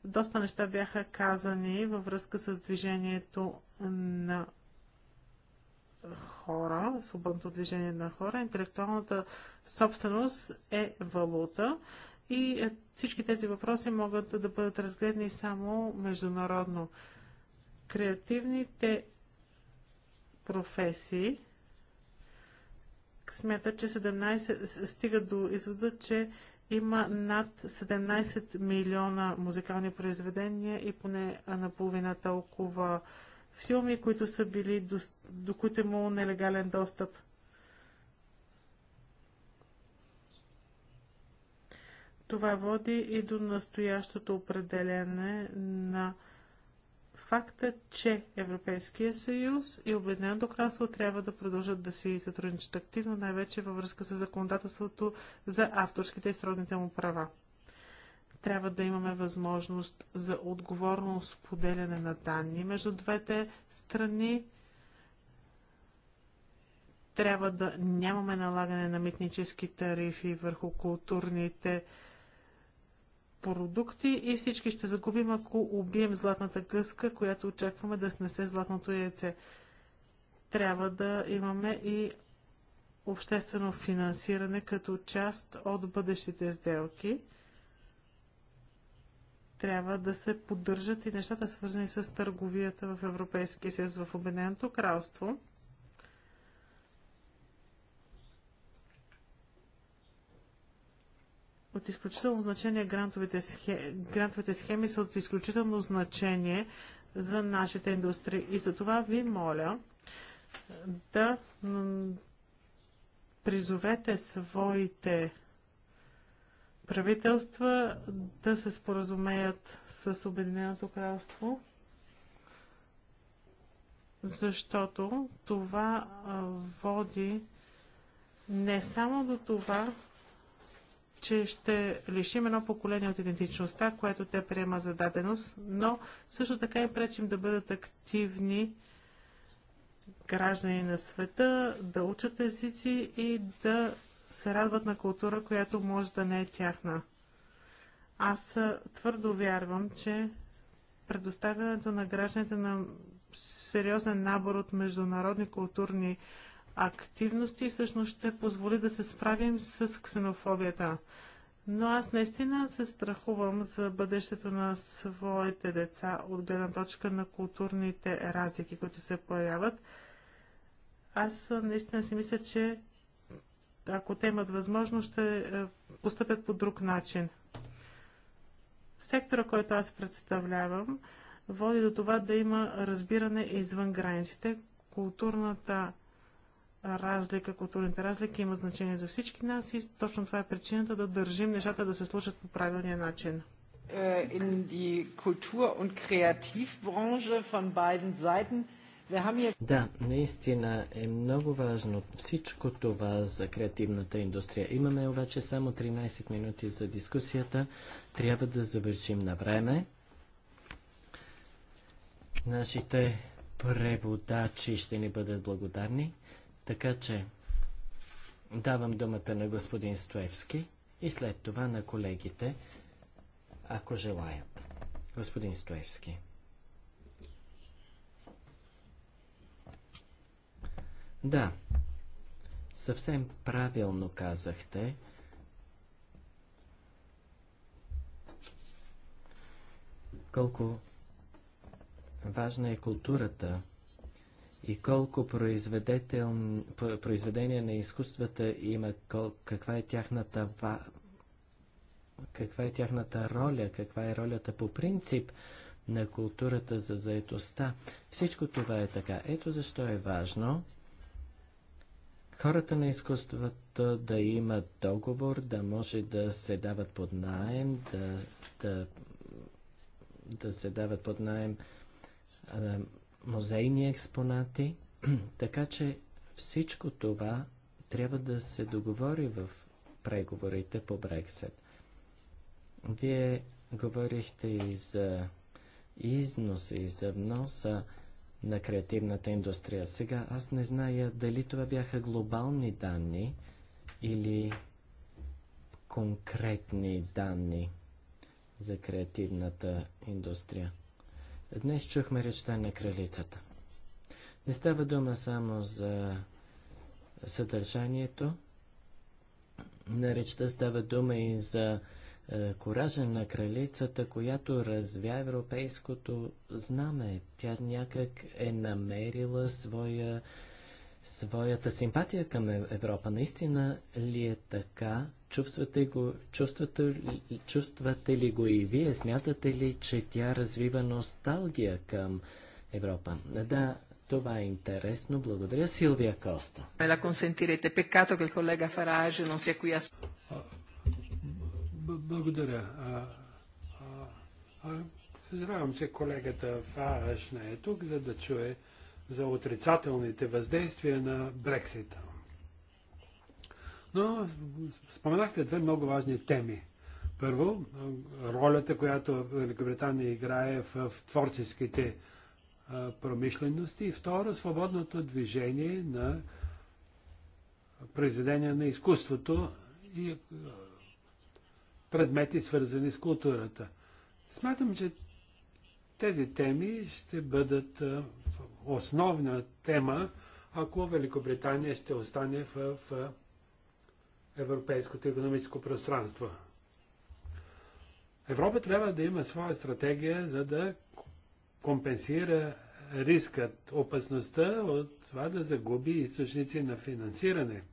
Доста неща бяха казани във връзка с движението на хора, свободното движение на хора, интелектуалната собственост е валута и е, всички тези въпроси могат да, бъдат разгледани само международно. Креативните професии смятат, че 17, стига до извода, че има над 17 милиона музикални произведения и поне наполовина толкова филми, които са били, до, до които е имало нелегален достъп. Това води и до настоящото определение на факта, че Европейския съюз и Обединеното кралство трябва да продължат да си сътрудничат активно, най-вече във връзка с законодателството за авторските и сродните му права. Трябва да имаме възможност за отговорно споделяне на данни между двете страни. Трябва да нямаме налагане на митнически тарифи върху културните продукти и всички ще загубим, ако убием златната гъска, която очакваме да снесе златното яйце. Трябва да имаме и обществено финансиране като част от бъдещите сделки трябва да се поддържат и нещата свързани с търговията в Европейския съюз в Обединеното кралство. От изключително значение грантовите, схе... грантовите схеми са от изключително значение за нашите индустрии. И за това ви моля да призовете своите правителства да се споразумеят с Обединеното кралство, защото това води не само до това, че ще лишим едно поколение от идентичността, което те приема за даденост, но също така и пречим да бъдат активни граждани на света, да учат езици и да се радват на култура, която може да не е тяхна. Аз твърдо вярвам, че предоставянето на гражданите на сериозен набор от международни културни активности всъщност ще позволи да се справим с ксенофобията. Но аз наистина се страхувам за бъдещето на своите деца от гледна точка на културните разлики, които се появяват. Аз наистина си мисля, че ако те имат възможност, ще е, постъпят по друг начин. Сектора, който аз представлявам, води до това да има разбиране извън границите. Културната разлика, културните разлики имат значение за всички нас и точно това е причината да държим нещата да се случат по правилния начин. Е, in die Kultur- und Kreativbranche von beiden Seiten да, наистина е много важно всичко това за креативната индустрия. Имаме обаче само 13 минути за дискусията. Трябва да завършим на време. Нашите преводачи ще ни бъдат благодарни. Така че давам думата на господин Стоевски и след това на колегите, ако желаят. Господин Стоевски. Да, съвсем правилно казахте. Колко важна е културата и колко произведения на изкуствата има, кол, каква е тяхната ва, каква е тяхната роля, каква е ролята по принцип на културата за заетостта. Всичко това е така. Ето защо е важно Хората на изкуството да имат договор, да може да се дават под найем, да, да, да се дават под найем музейни експонати. така че всичко това трябва да се договори в преговорите по Брексит. Вие говорихте и за износа, и за вноса на креативната индустрия. Сега аз не зная дали това бяха глобални данни или конкретни данни за креативната индустрия. Днес чухме речта на кралицата. Не става дума само за съдържанието на речта, става дума и за е, коража на кралицата, която развя европейското знаме. Тя някак е намерила своя, своята симпатия към е, Европа. Наистина ли е така? Чувствате, го, чувствате, чувствате ли го и вие? Смятате ли, че тя развива носталгия към Европа? Да, това е интересно. Благодаря, Силвия Коста. Благодаря. Съжалявам, че колегата Фараш не е тук, за да чуе за отрицателните въздействия на Брексита. Но споменахте две много важни теми. Първо, ролята, която Великобритания играе в творческите промишлености. И второ, свободното движение на произведения на изкуството и предмети, свързани с културата. Смятам, че тези теми ще бъдат основна тема, ако Великобритания ще остане в европейското економическо пространство. Европа трябва да има своя стратегия, за да компенсира рискът, опасността от това да загуби източници на финансиране –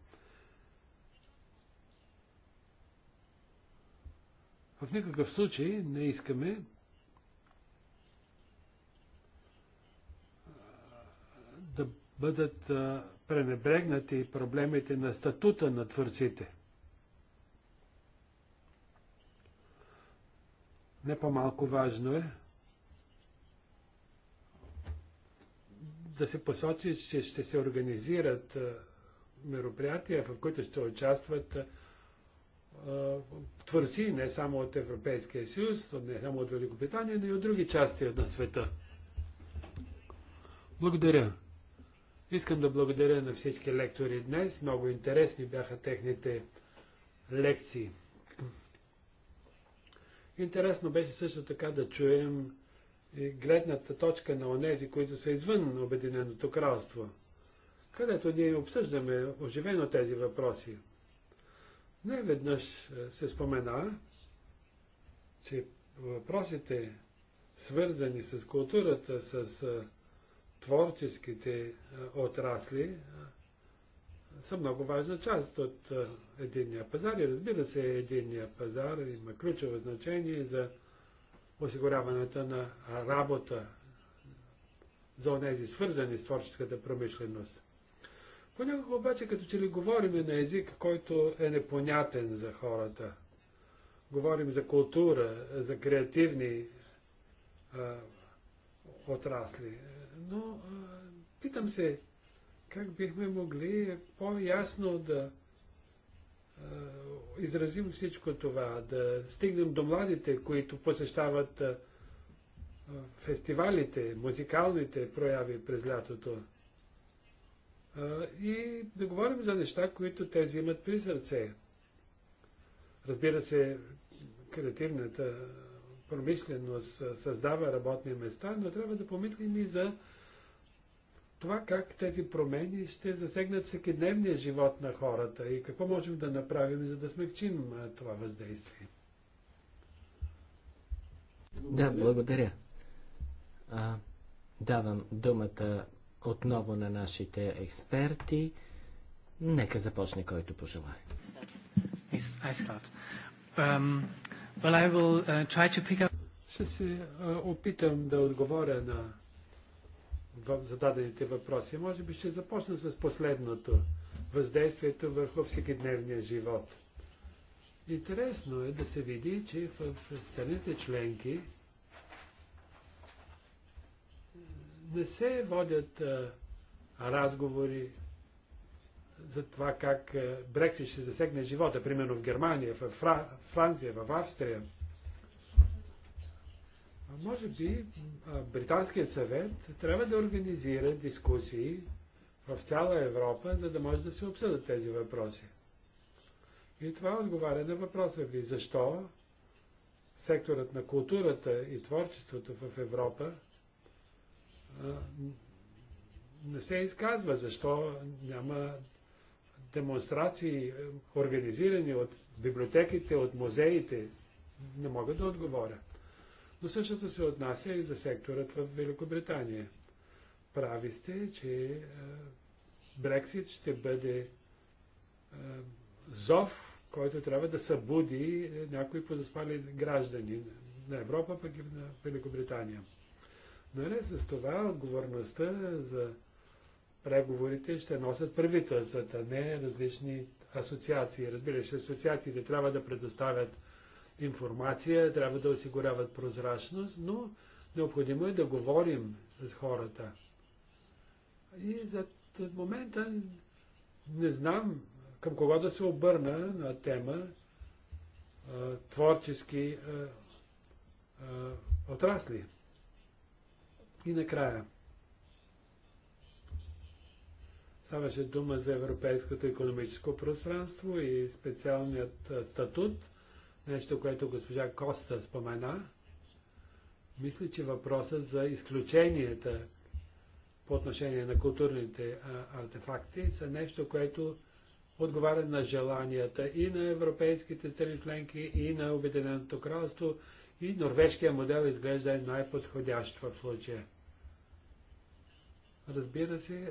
В никакъв случай не искаме да бъдат пренебрегнати проблемите на статута на творците. Не по-малко важно е да се посочи, че ще се организират мероприятия, в които ще участват творци, не само от Европейския съюз, не само от Великобритания, но и от други части на света. Благодаря. Искам да благодаря на всички лектори днес. Много интересни бяха техните лекции. Интересно беше също така да чуем и гледната точка на онези, които са извън Обединеното кралство, където ние обсъждаме оживено тези въпроси. Не веднъж е, се спомена, че въпросите, свързани с културата, с е, творческите е, отрасли, са много важна част от единния пазар. И разбира се, единния пазар има ключово значение за осигуряването на работа за онези свързани с творческата промишленост. Понякога обаче, като че ли говорим на език, който е непонятен за хората. Говорим за култура, за креативни а, отрасли. Но а, питам се, как бихме могли по-ясно да а, изразим всичко това, да стигнем до младите, които посещават а, фестивалите, музикалните прояви през лятото и да говорим за неща, които те взимат при сърце. Разбира се, креативната промишленост създава работни места, но трябва да помислим и за това как тези промени ще засегнат всекидневния живот на хората и какво можем да направим, за да смягчим това въздействие. Да, благодаря. А, давам думата отново на нашите експерти. Нека започне който пожелае. Ще се uh, опитам да отговоря на зададените въпроси. Може би ще започна с последното. Въздействието върху всекидневния живот. Интересно е да се види, че в страните членки не се водят а, разговори за това как Брексит ще засегне живота, примерно в Германия, в Фра... Франция, в Австрия. А може би а, Британският съвет трябва да организира дискусии в цяла Европа, за да може да се обсъдят тези въпроси. И това отговаря на въпроса ви. Защо секторът на културата и творчеството в Европа не се изказва, защо няма демонстрации, е, организирани от библиотеките, от музеите. Не мога да отговоря. Но същото се отнася и за секторът в Великобритания. Прави сте, че е, Брексит ще бъде е, зов, който трябва да събуди някои позаспали граждани на Европа, пък и на Великобритания. Наред с това отговорността за преговорите ще носят правителствата, не различни асоциации. Разбира се, асоциациите трябва да предоставят информация, трябва да осигуряват прозрачност, но необходимо е да говорим с хората. И за момента не знам към кого да се обърна на тема творчески отрасли. И накрая. Ставаше дума за Европейското економическо пространство и специалният статут, нещо, което госпожа Коста спомена. Мисля, че въпросът за изключенията по отношение на културните артефакти са нещо, което отговаря на желанията и на европейските страни членки, и на Обединеното кралство, и норвежкия модел изглежда е най-подходящ в случая. Разбира се, е,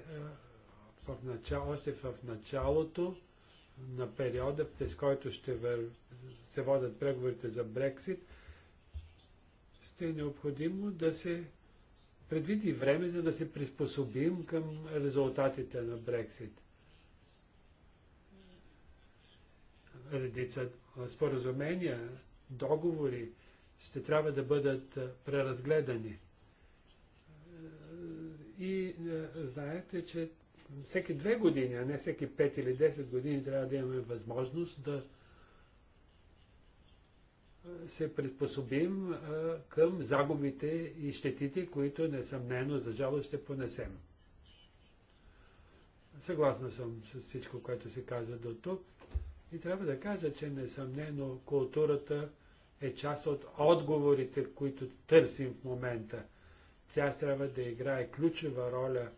в начало, още в началото на периода, през който ще вър... се водят преговорите за Брексит, ще е необходимо да се предвиди време, за да се приспособим към резултатите на Брексит. Редица споразумения, договори ще трябва да бъдат преразгледани. И е, знаете, че всеки две години, а не всеки 5 или 10 години трябва да имаме възможност да се приспособим е, към загубите и щетите, които несъмнено за жалост ще понесем. Съгласна съм с всичко, което се каза до тук. И трябва да кажа, че несъмнено културата е част от отговорите, които търсим в момента. Тя трябва да играе ключова роля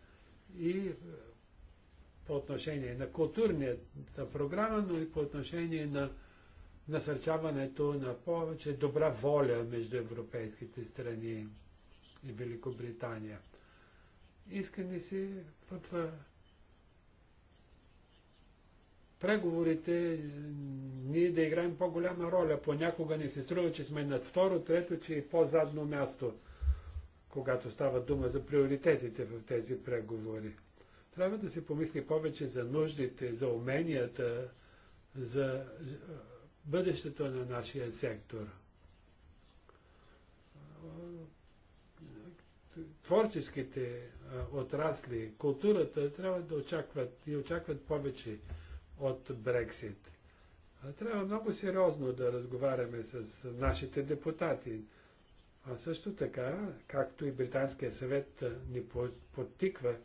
и е, по отношение на културната програма, но и по отношение на насърчаването на повече добра воля между европейските страни и Великобритания. Иска си в, преговорите ние да играем по-голяма роля. Понякога ни се струва, че сме над второто, ето, че е по-задно място когато става дума за приоритетите в тези преговори. Трябва да се помисли повече за нуждите, за уменията, за е, бъдещето на нашия сектор. Творческите е, отрасли, културата трябва да очакват и очакват повече от Брексит. Трябва много сериозно да разговаряме с нашите депутати а също така, както и Британския съвет ни подтиква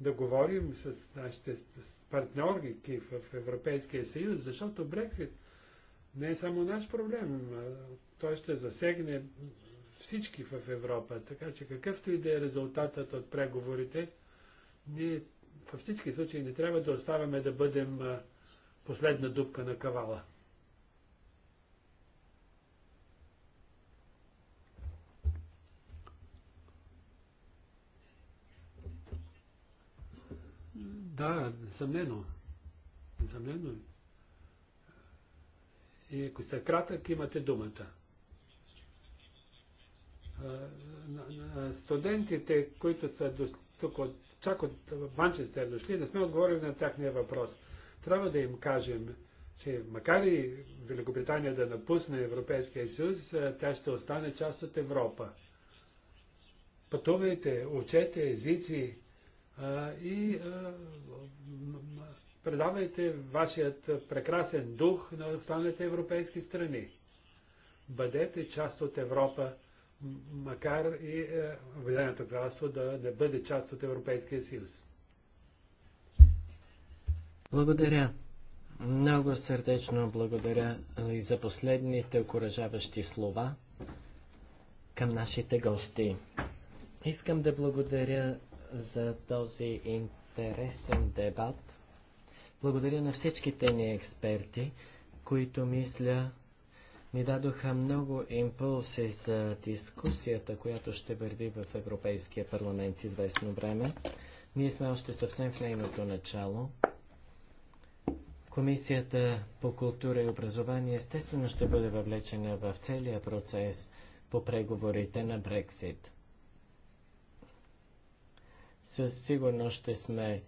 да говорим с нашите партньорки в Европейския съюз, защото Брексит не е само наш проблем. Той ще засегне всички в Европа. Така че какъвто и да е резултатът от преговорите, ние във всички случаи не трябва да оставаме да бъдем последна дупка на кавала. Да, несъмнено. Несъмнено. И ако сте кратък, имате думата. Студентите, които са тук от, чак от Манчестър дошли, не сме отговорили на тяхния въпрос. Трябва да им кажем, че макар и Великобритания да напусне Европейския съюз, тя ще остане част от Европа. Пътувайте, учете езици, и предавайте вашият прекрасен дух на останалите европейски страни. Бъдете част от Европа, макар и е, Обединеното кралство да не бъде част от Европейския съюз. Благодаря. Много сърдечно благодаря и за последните окоръжаващи слова към нашите гости. Искам да благодаря за този интересен дебат. Благодаря на всичките ни експерти, които мисля ни дадоха много импулси за дискусията, която ще върви в Европейския парламент известно време. Ние сме още съвсем в нейното начало. Комисията по култура и образование естествено ще бъде въвлечена в целия процес по преговорите на Брексит със сигурност ще сме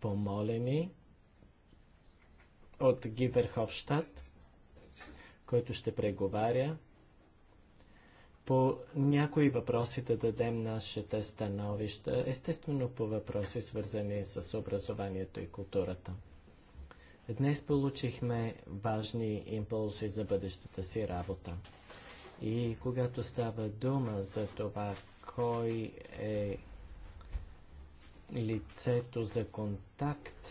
помолени от Гиверховщад, който ще преговаря по някои въпроси да дадем нашите становища, естествено по въпроси свързани с образованието и културата. Днес получихме важни импулси за бъдещата си работа. И когато става дума за това, кой е лицето за контакт.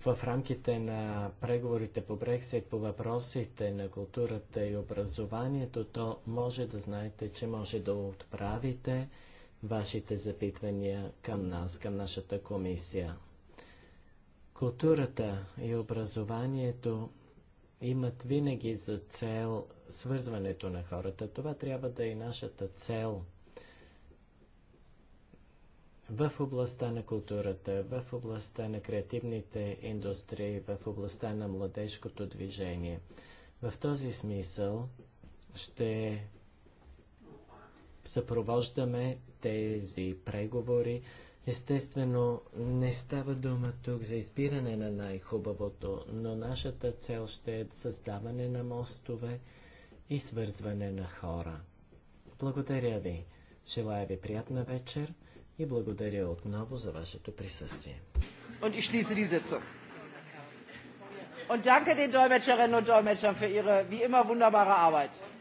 В рамките на преговорите по Брексит по въпросите на културата и образованието, то може да знаете, че може да отправите вашите запитвания към нас, към нашата комисия. Културата и образованието имат винаги за цел свързването на хората. Това трябва да е нашата цел в областта на културата, в областта на креативните индустрии, в областта на младежкото движение. В този смисъл ще съпровождаме тези преговори Естествено, не става дума тук за избиране на най-хубавото, но нашата цел ще е създаване на мостове и свързване на хора. Благодаря ви. Желая ви приятна вечер и благодаря отново за вашето присъствие. Und ich schließe die Sitzung. Und danke den Dolmetscherinnen und Dolmetschern für ihre wie immer wunderbare Arbeit.